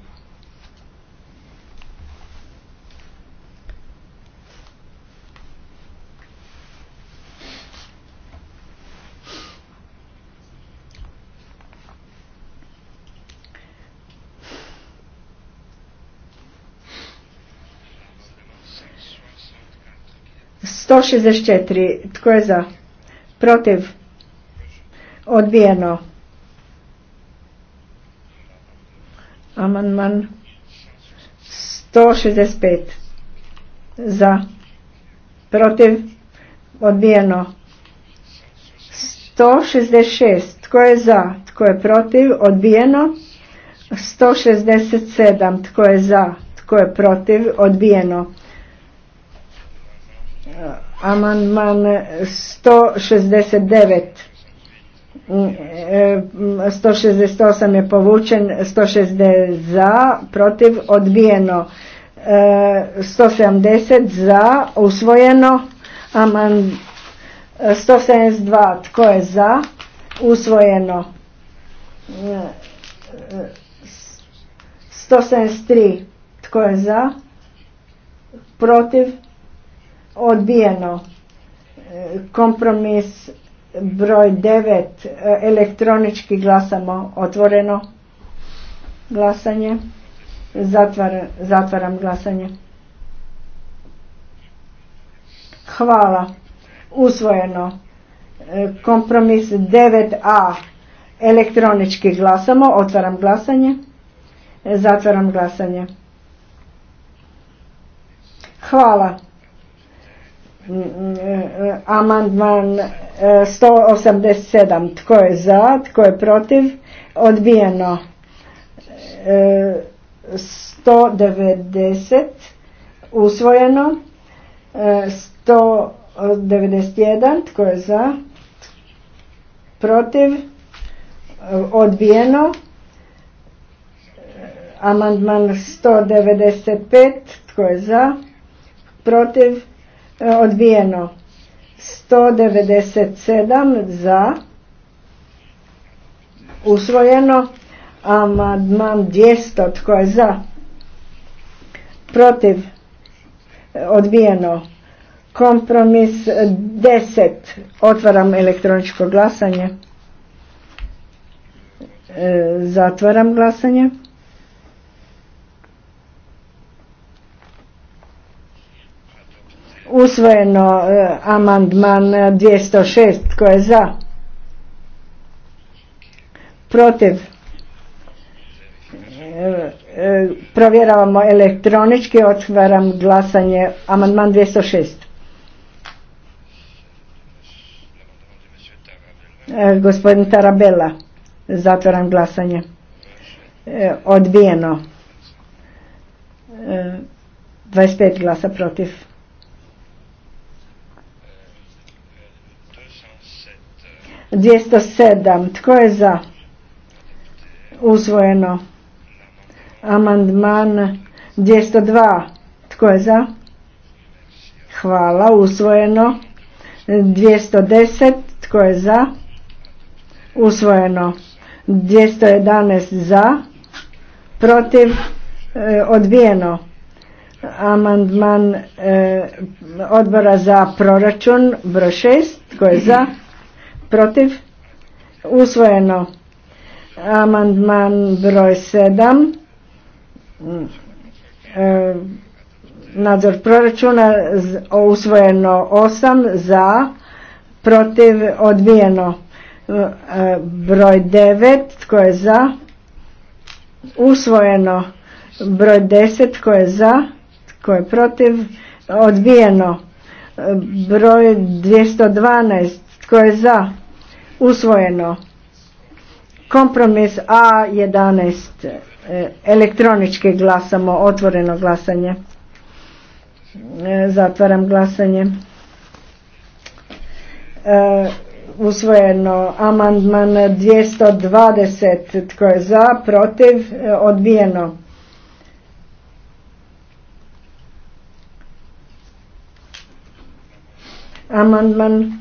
164. Tko je za? Protiv? Odbijeno. Amandman 165. Za? Protiv? Odbijeno. 166. Tko je za? Tko je protiv? Odbijeno. 167. Tko je za? Tko je protiv? Odbijeno amandman 169 168 je povučen 160 za protiv odbijeno 170 za usvojeno aman 172 tko je za usvojeno 173 tko je za protiv odbijeno e, kompromis broj 9 e, elektronički glasamo otvoreno glasanje zatvaram glasanje hvala usvojeno e, kompromis 9a elektronički glasamo otvaram glasanje zatvaram glasanje hvala Amandman 187. E, tko je za? Tko je protiv? Odbijeno. 190. E, Usvojeno. 191. E, tko je za? Protiv? Odbijeno. Amandman 195. Tko je za? Protiv? E, odbijeno 197 za usvojeno amadman 200 tko je za protiv e, odbijeno kompromis 10 otvaram elektroničko glasanje e, zatvaram glasanje usvojeno e, amandman 206 e, tko je za protiv e, provjeravamo elektronički otvaram glasanje amandman 206 gospodin Tarabela zatvaram glasanje odbijeno 25 glasa protiv 207. Tko je za? Usvojeno. Amandman 202. Tko je za? Hvala. Usvojeno. 210. Tko je za? Usvojeno. 211 za. Protiv. E, odbijeno. Amandman e, odbora za proračun broj 6. Tko je za? protiv, usvojeno. Amandman broj 7, e, nadzor proračuna, usvojeno 8, za, protiv, odbijeno. E, broj 9, tko je za, usvojeno. Broj 10, tko je za, tko je protiv, odbijeno e, broj 212 tko je za usvojeno. Kompromis A11 e, elektronički glasamo, otvoreno glasanje. E, zatvaram glasanje. E, usvojeno amandman 220. Tko je za, protiv, odbijeno. Amandman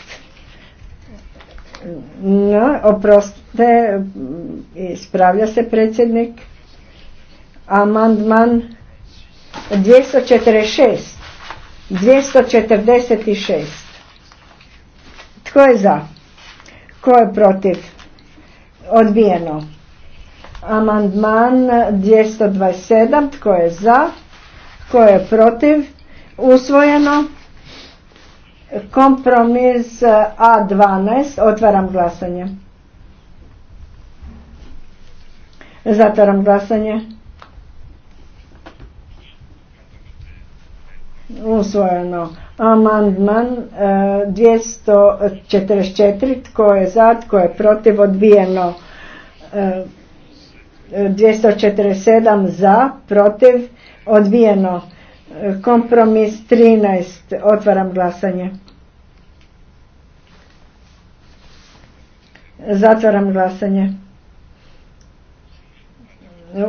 No, oprostite, ispravlja se predsjednik. Amandman 246. 246. Tko je za? Tko je protiv? Odbijeno. Amandman 227. Tko je za? Tko je protiv? Usvojeno. Kompromis e, A12, otvaram glasanje. Zatvaram glasanje. Usvojeno. Amandman 244, e, tko je za, tko je protiv, odbijeno. 247 e, za, protiv, odbijeno. Kompromis 13. Otvaram glasanje. Zatvaram glasanje.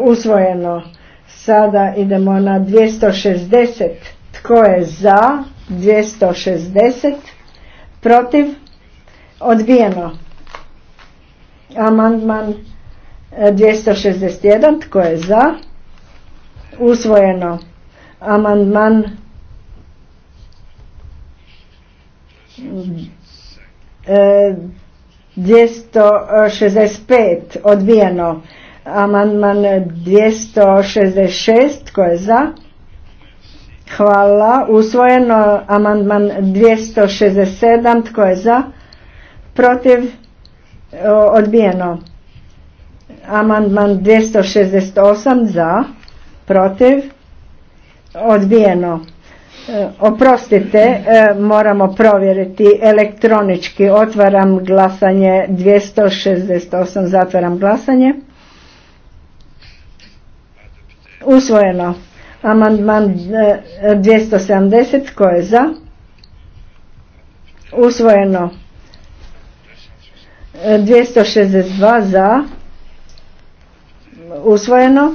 Usvojeno. Sada idemo na 260. Tko je za? 260. Protiv? Odbijeno. Amandman 261. Tko je za? Usvojeno. Amandman 265 e, odbijeno. Amandman 266 tko je za? Hvala. Usvojeno amandman 267 tko je za? Protiv? Odbijeno. Amandman 268 za? Protiv? odbijeno e, oprostite e, moramo provjeriti elektronički otvaram glasanje 268 zatvaram glasanje usvojeno amandman 270 e, tko je za usvojeno 262 za usvojeno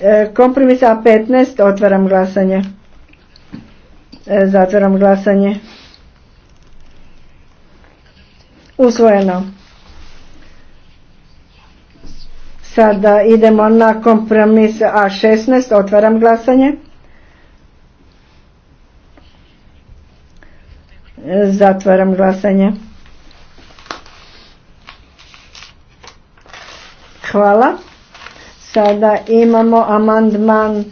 E, kompromis A15, otvaram glasanje. E, zatvaram glasanje. Usvojeno. Sada idemo na kompromis A16, otvaram glasanje. E, zatvaram glasanje. Hvala. Sada imamo amandman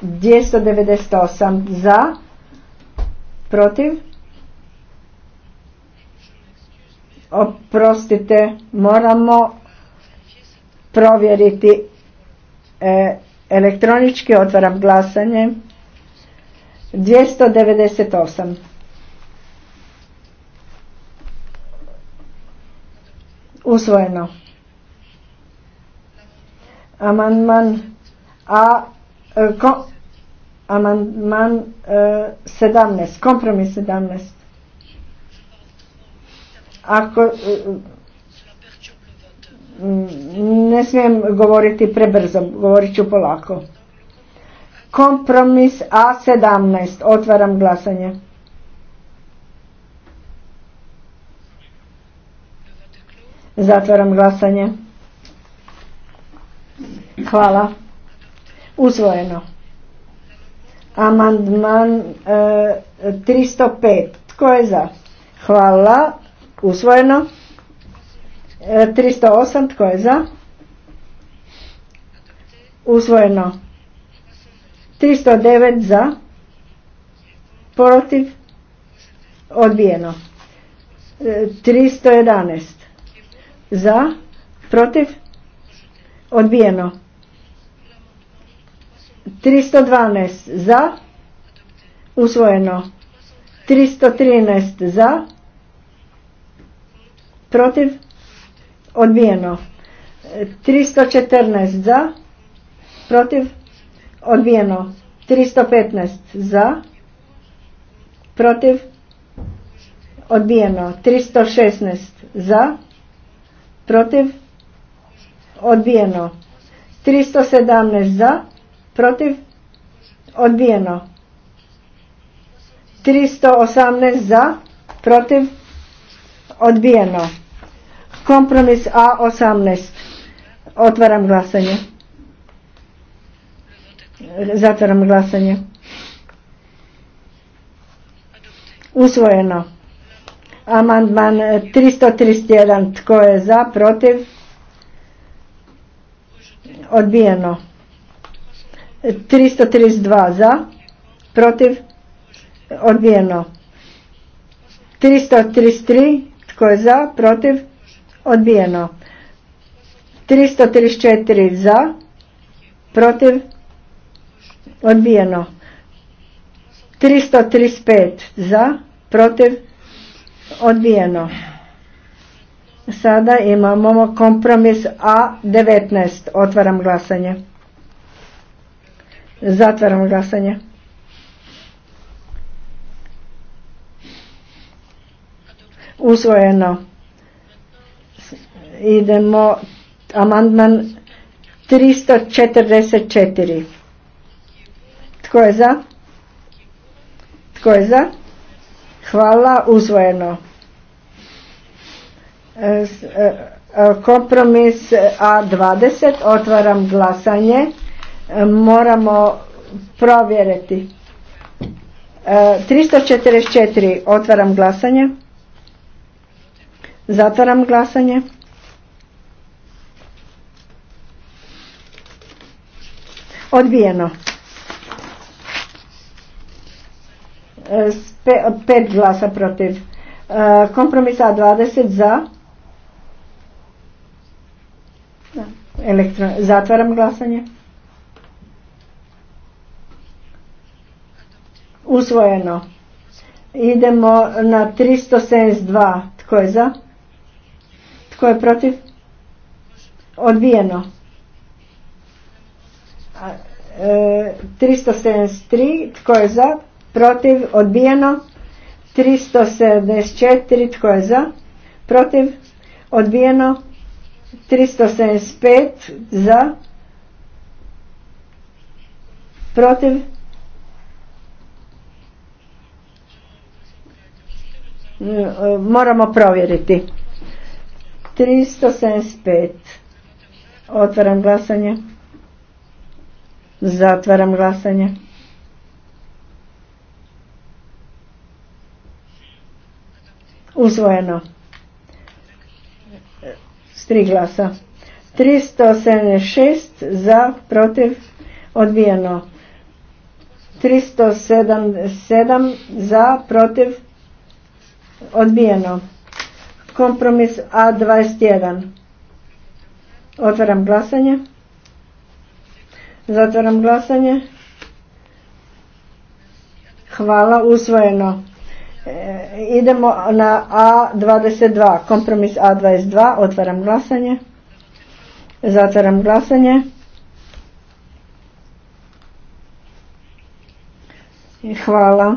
298 e, e, za, protiv. Oprostite, moramo provjeriti e, elektronički, otvaram glasanje. 298. Usvojeno. Amandman A, e, ko, amandman 17, e, kompromis 17. Ako e, ne smijem govoriti prebrzo, govorit ću polako. Kompromis A17, otvaram glasanje. Zatvaram glasanje. Hvala. Usvojeno. Amandman 305. E, Tko je za? Hvala. Usvojeno. 308. E, Tko je za? Usvojeno. 309 za. Protiv. Odbijeno. 311. E, za. Protiv. Odbijeno. 312 za, usvojeno. 313 za, protiv, odbijeno. 314 za, protiv, odbijeno. 315 za, protiv, odbijeno. 316 za, protiv, odbijeno. 317 za, protiv, odbijeno. 318 za, protiv, odbijeno. Kompromis A18. Otvaram glasanje. Zatvaram glasanje. Usvojeno. Amandman 331. Tko je za, protiv? Odbijeno. 332 za, protiv, odbijeno. 333 tko je za, protiv, odbijeno. 334 za, protiv, odbijeno. 335 za, protiv, odbijeno. Sada imamo kompromis A19. Otvaram glasanje. Zatvaram glasanje. Usvojeno. Idemo amandman 344. Tko je za? Tko je za? Hvala, usvojeno. E, e, kompromis A20, otvaram glasanje moramo provjeriti. 344 e, otvaram glasanje. Zatvaram glasanje. Odbijeno. E, pet glasa protiv. E, Kompromisa 20 za. Zatvaram glasanje. usvojeno. Idemo na 372. Tko je za? Tko je protiv? Odbijeno. 373. E, Tko je za? Protiv? Odbijeno. 374. Tko je za? Protiv? Odbijeno. 375. Za? Protiv? Mm, e, moramo provjeriti. 375. Otvaram glasanje. Zatvaram glasanje. Usvojeno. S tri glasa. 376 za, protiv, odbijeno. 377 za, protiv, Odbijeno. Kompromis A21. Otvaram glasanje. Zatvaram glasanje. Hvala, usvojeno. E, idemo na A22. Kompromis A22. Otvaram glasanje. Zatvaram glasanje. Hvala.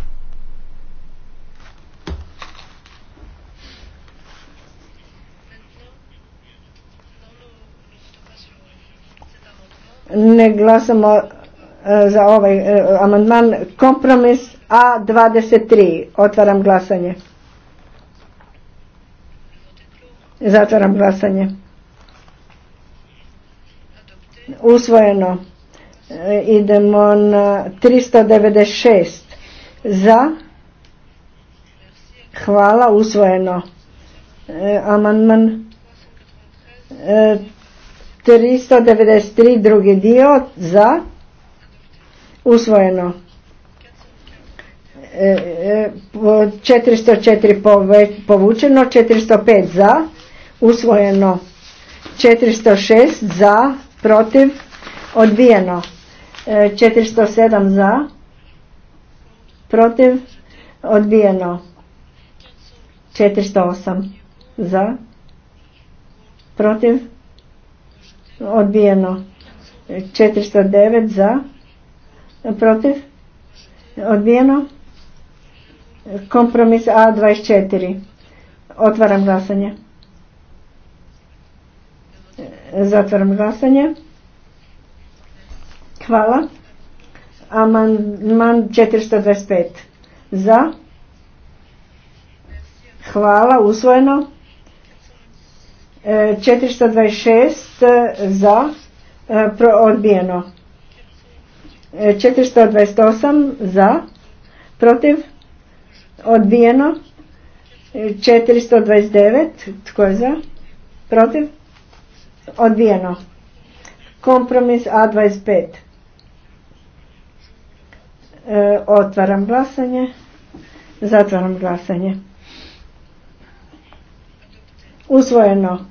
ne glasamo e, za ovaj e, amandman kompromis A23 otvaram glasanje zatvaram glasanje usvojeno e, idemo na 396 za hvala usvojeno amandman 393 drugi dio za usvojeno. 404 e, e, povučeno, 405 za, usvojeno, 406 za, protiv, odbijeno, 407 e, za, protiv, odbijeno, 408 za, protiv, odbijeno 409 za protiv odbijeno kompromis A24 otvaram glasanje zatvaram glasanje hvala amandman 425 za hvala usvojeno 426 e, e, za e, odbijeno 428 za protiv odbijeno 429 tko je za protiv odbijeno kompromis A25 otvaram glasanje zatvaram glasanje usvojeno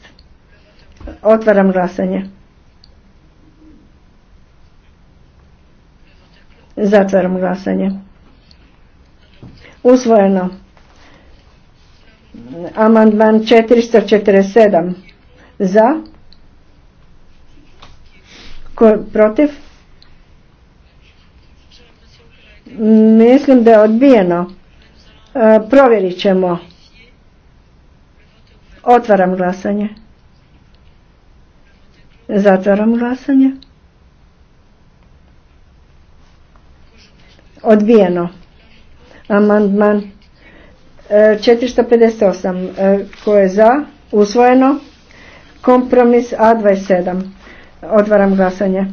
Otvaram glasanje. Zatvaram glasanje. Usvojeno. Amandman 447. Za. protiv? Mislim da je odbijeno. E, provjerit ćemo. Otvaram glasanje. Zatvaram glasanje. Odbijeno. Amandman 458. E, e, ko je za? Usvojeno. Kompromis A27. Otvaram glasanje.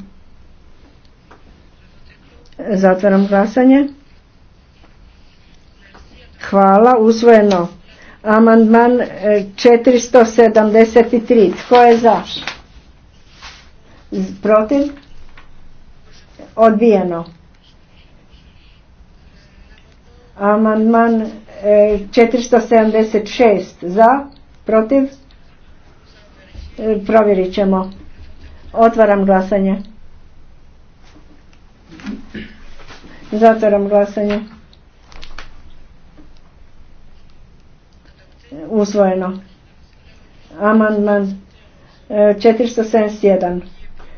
Zatvaram glasanje. Hvala. Usvojeno. Amandman 473. E, Tko je za? protiv odbijeno amandman 476 e, za protiv e, provjerit ćemo otvaram glasanje zatvaram glasanje usvojeno amandman 471 e,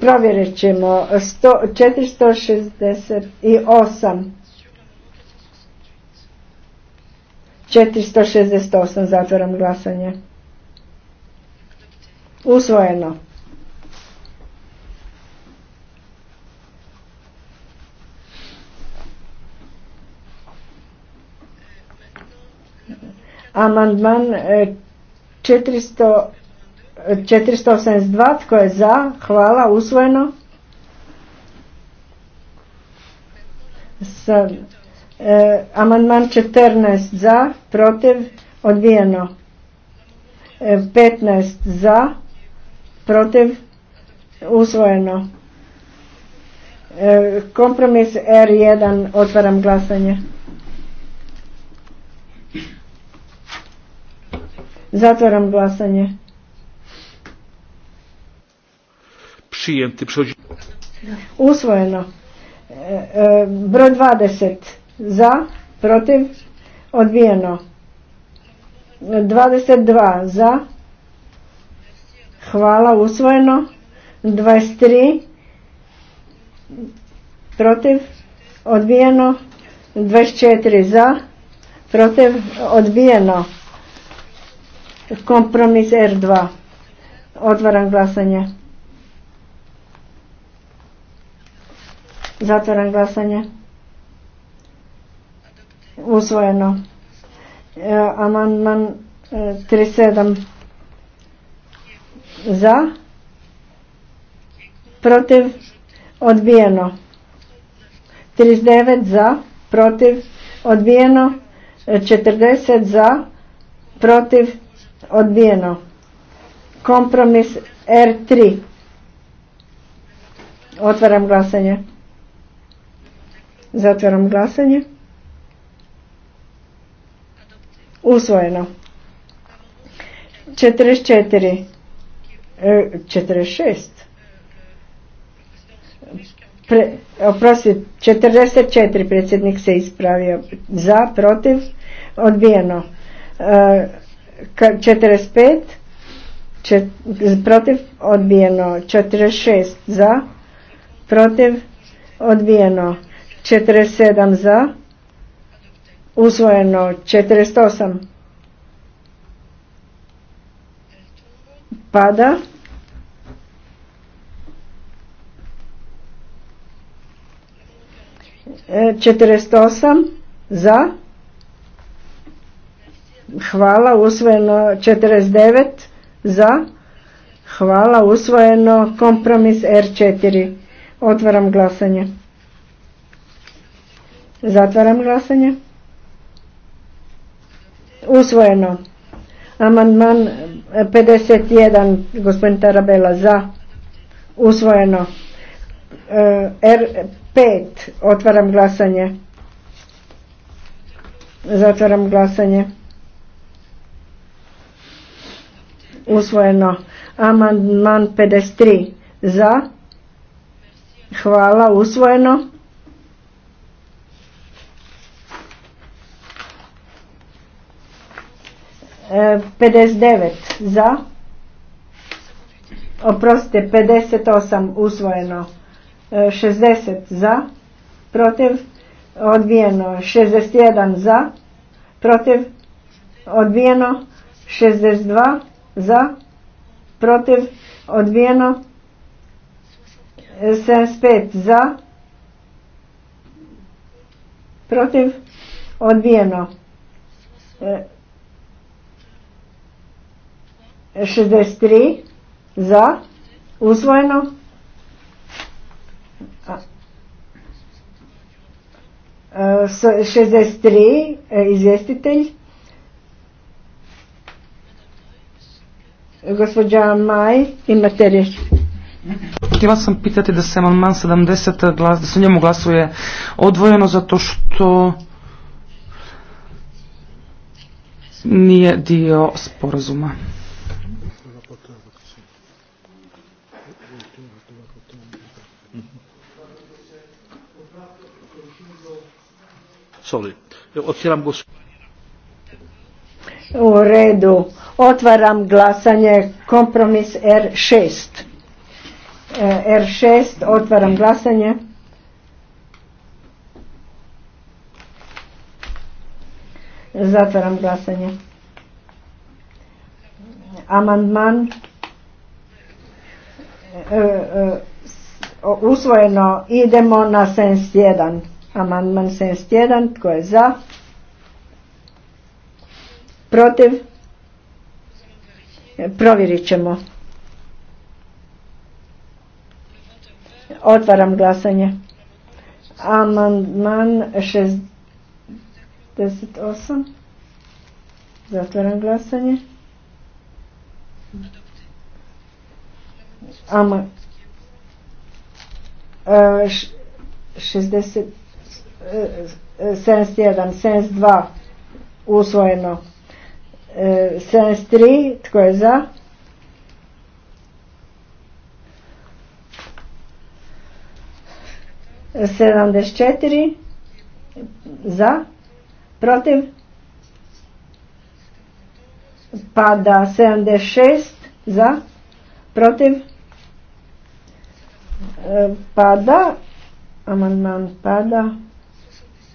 provjerit ćemo 468 468 zatvoram glasanje usvojeno amandman 400 e, 482 tko je za hvala usvojeno e, amandman 14 za protiv odbijeno e, 15 za protiv usvojeno e, kompromis R1 otvaram glasanje zatvaram glasanje przyjęty. Przechodzi... Usvojeno. E, e broj 20 za, protiv, odbijeno. 22 za, hvala, usvojeno. 23 protiv, odbijeno. 24 za, protiv, odbijeno. Kompromis R2. Otvaram glasanje. Zatvaram glasanje. Usvojeno. E, amandman 37 e, za, protiv, odbijeno. 39 za, protiv, odbijeno. 40 e, za, protiv, odbijeno. Kompromis R3. Otvaram glasanje. Zatvaram glasanje. Usvojeno. 44. 46. E, Pre, oprosti, 44 predsjednik se ispravio. Za, protiv, odbijeno. E, 45 čet, protiv odbijeno 46 za protiv odbijeno 47 za, usvojeno 48 pada. e, za, hvala, usvojeno 49 za, hvala, usvojeno kompromis R4. Otvaram glasanje. Zatvaram glasanje. Usvojeno. Amandman 51, e, gospodin Tarabela, za. Usvojeno. E, R5, otvaram glasanje. Zatvaram glasanje. Usvojeno. Amandman 53, za. Hvala, usvojeno. 59 e, za, oprostite, 58 usvojeno, 60 e, za, protiv, odbijeno, 61 za, protiv, odbijeno, 62 za, protiv, odbijeno, 75 e, za, protiv, odbijeno, 63 za usvojeno e, 63 e, izvjestitelj gospođa Maj imate riječ Htjela sam pitati da se amandman 70 glas, da se njemu glasuje odvojeno zato što nije dio sporazuma. Sorry. Otvaram U redu. Otvaram glasanje kompromis R6. E, R6, otvaram glasanje. Zatvaram glasanje. Amandman e, e, usvojeno. Idemo na sens 1. Amandman 71. Tko je za? Protiv? E, provjerit ćemo. Otvaram glasanje. Amandman 68. Zatvaram glasanje. Amandman e, 71, 72 usvojeno. 73, e, tko je za? 74 za, protiv, pada 76 za, protiv, e, pada, amandman pada,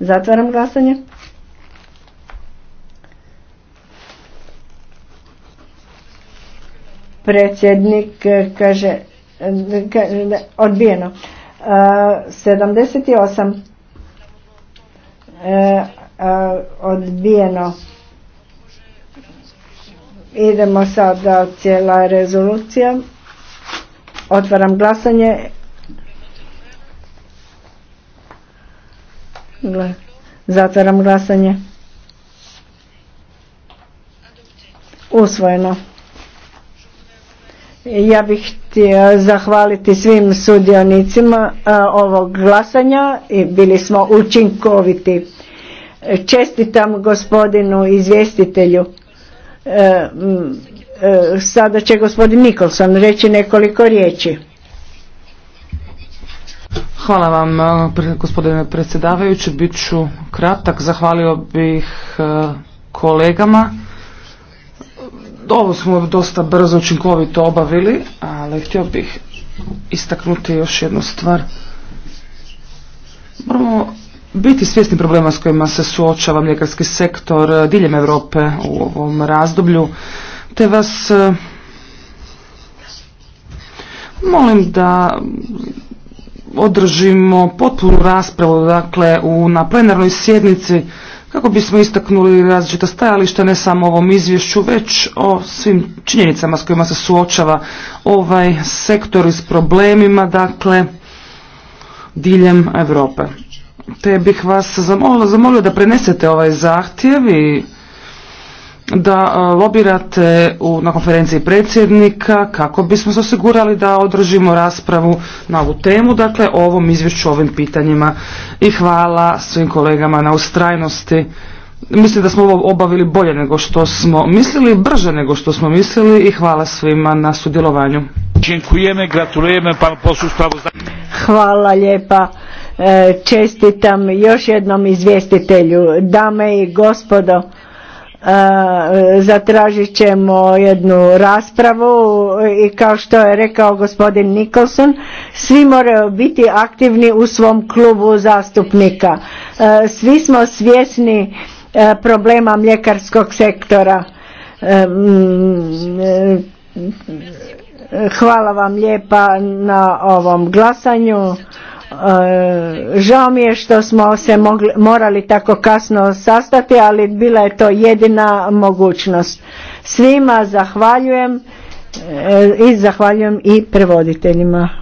Zatvaram glasanje. Predsjednik eh, kaže, eh, kaže odbijeno. 78 eh, odbijeno. Idemo sada cijela rezolucija. Otvaram glasanje. Zatvaram glasanje. Usvojeno. Ja bih htio zahvaliti svim sudionicima ovog glasanja i bili smo učinkoviti. Čestitam gospodinu izvjestitelju. E, e, sada će gospodin Nikolson reći nekoliko riječi. Hvala vam, eh, gospodine predsjedavajući. Biću kratak. Zahvalio bih eh, kolegama. Ovo smo dosta brzo učinkovito obavili, ali htio bih istaknuti još jednu stvar. Moramo biti svjesni problema s kojima se suočava mljekarski sektor eh, diljem Europe u ovom razdoblju, te vas molim da održimo potpunu raspravu dakle, u, na plenarnoj sjednici kako bismo istaknuli različita stajališta ne samo o ovom izvješću, već o svim činjenicama s kojima se suočava ovaj sektor s problemima, dakle, diljem Europe. Te bih vas zamolio, zamolio da prenesete ovaj zahtjev i da e, lobirate u, na konferenciji predsjednika kako bismo se osigurali da održimo raspravu na ovu temu, dakle o ovom izvješću, ovim pitanjima i hvala svim kolegama na ustrajnosti. Mislim da smo ovo obavili bolje nego što smo mislili, brže nego što smo mislili i hvala svima na sudjelovanju. Hvala lijepa. E, čestitam još jednom izvjestitelju, dame i gospodo. Eh, zatražit ćemo jednu raspravu i kao što je rekao gospodin Nikolson, svi moraju biti aktivni u svom klubu zastupnika. Eh, svi smo svjesni eh, problema mljekarskog sektora. Mm, hvala vam lijepa na ovom glasanju. E, žao mi je što smo se mogli, morali tako kasno sastati, ali bila je to jedina mogućnost. Svima zahvaljujem e, i zahvaljujem i prevoditeljima.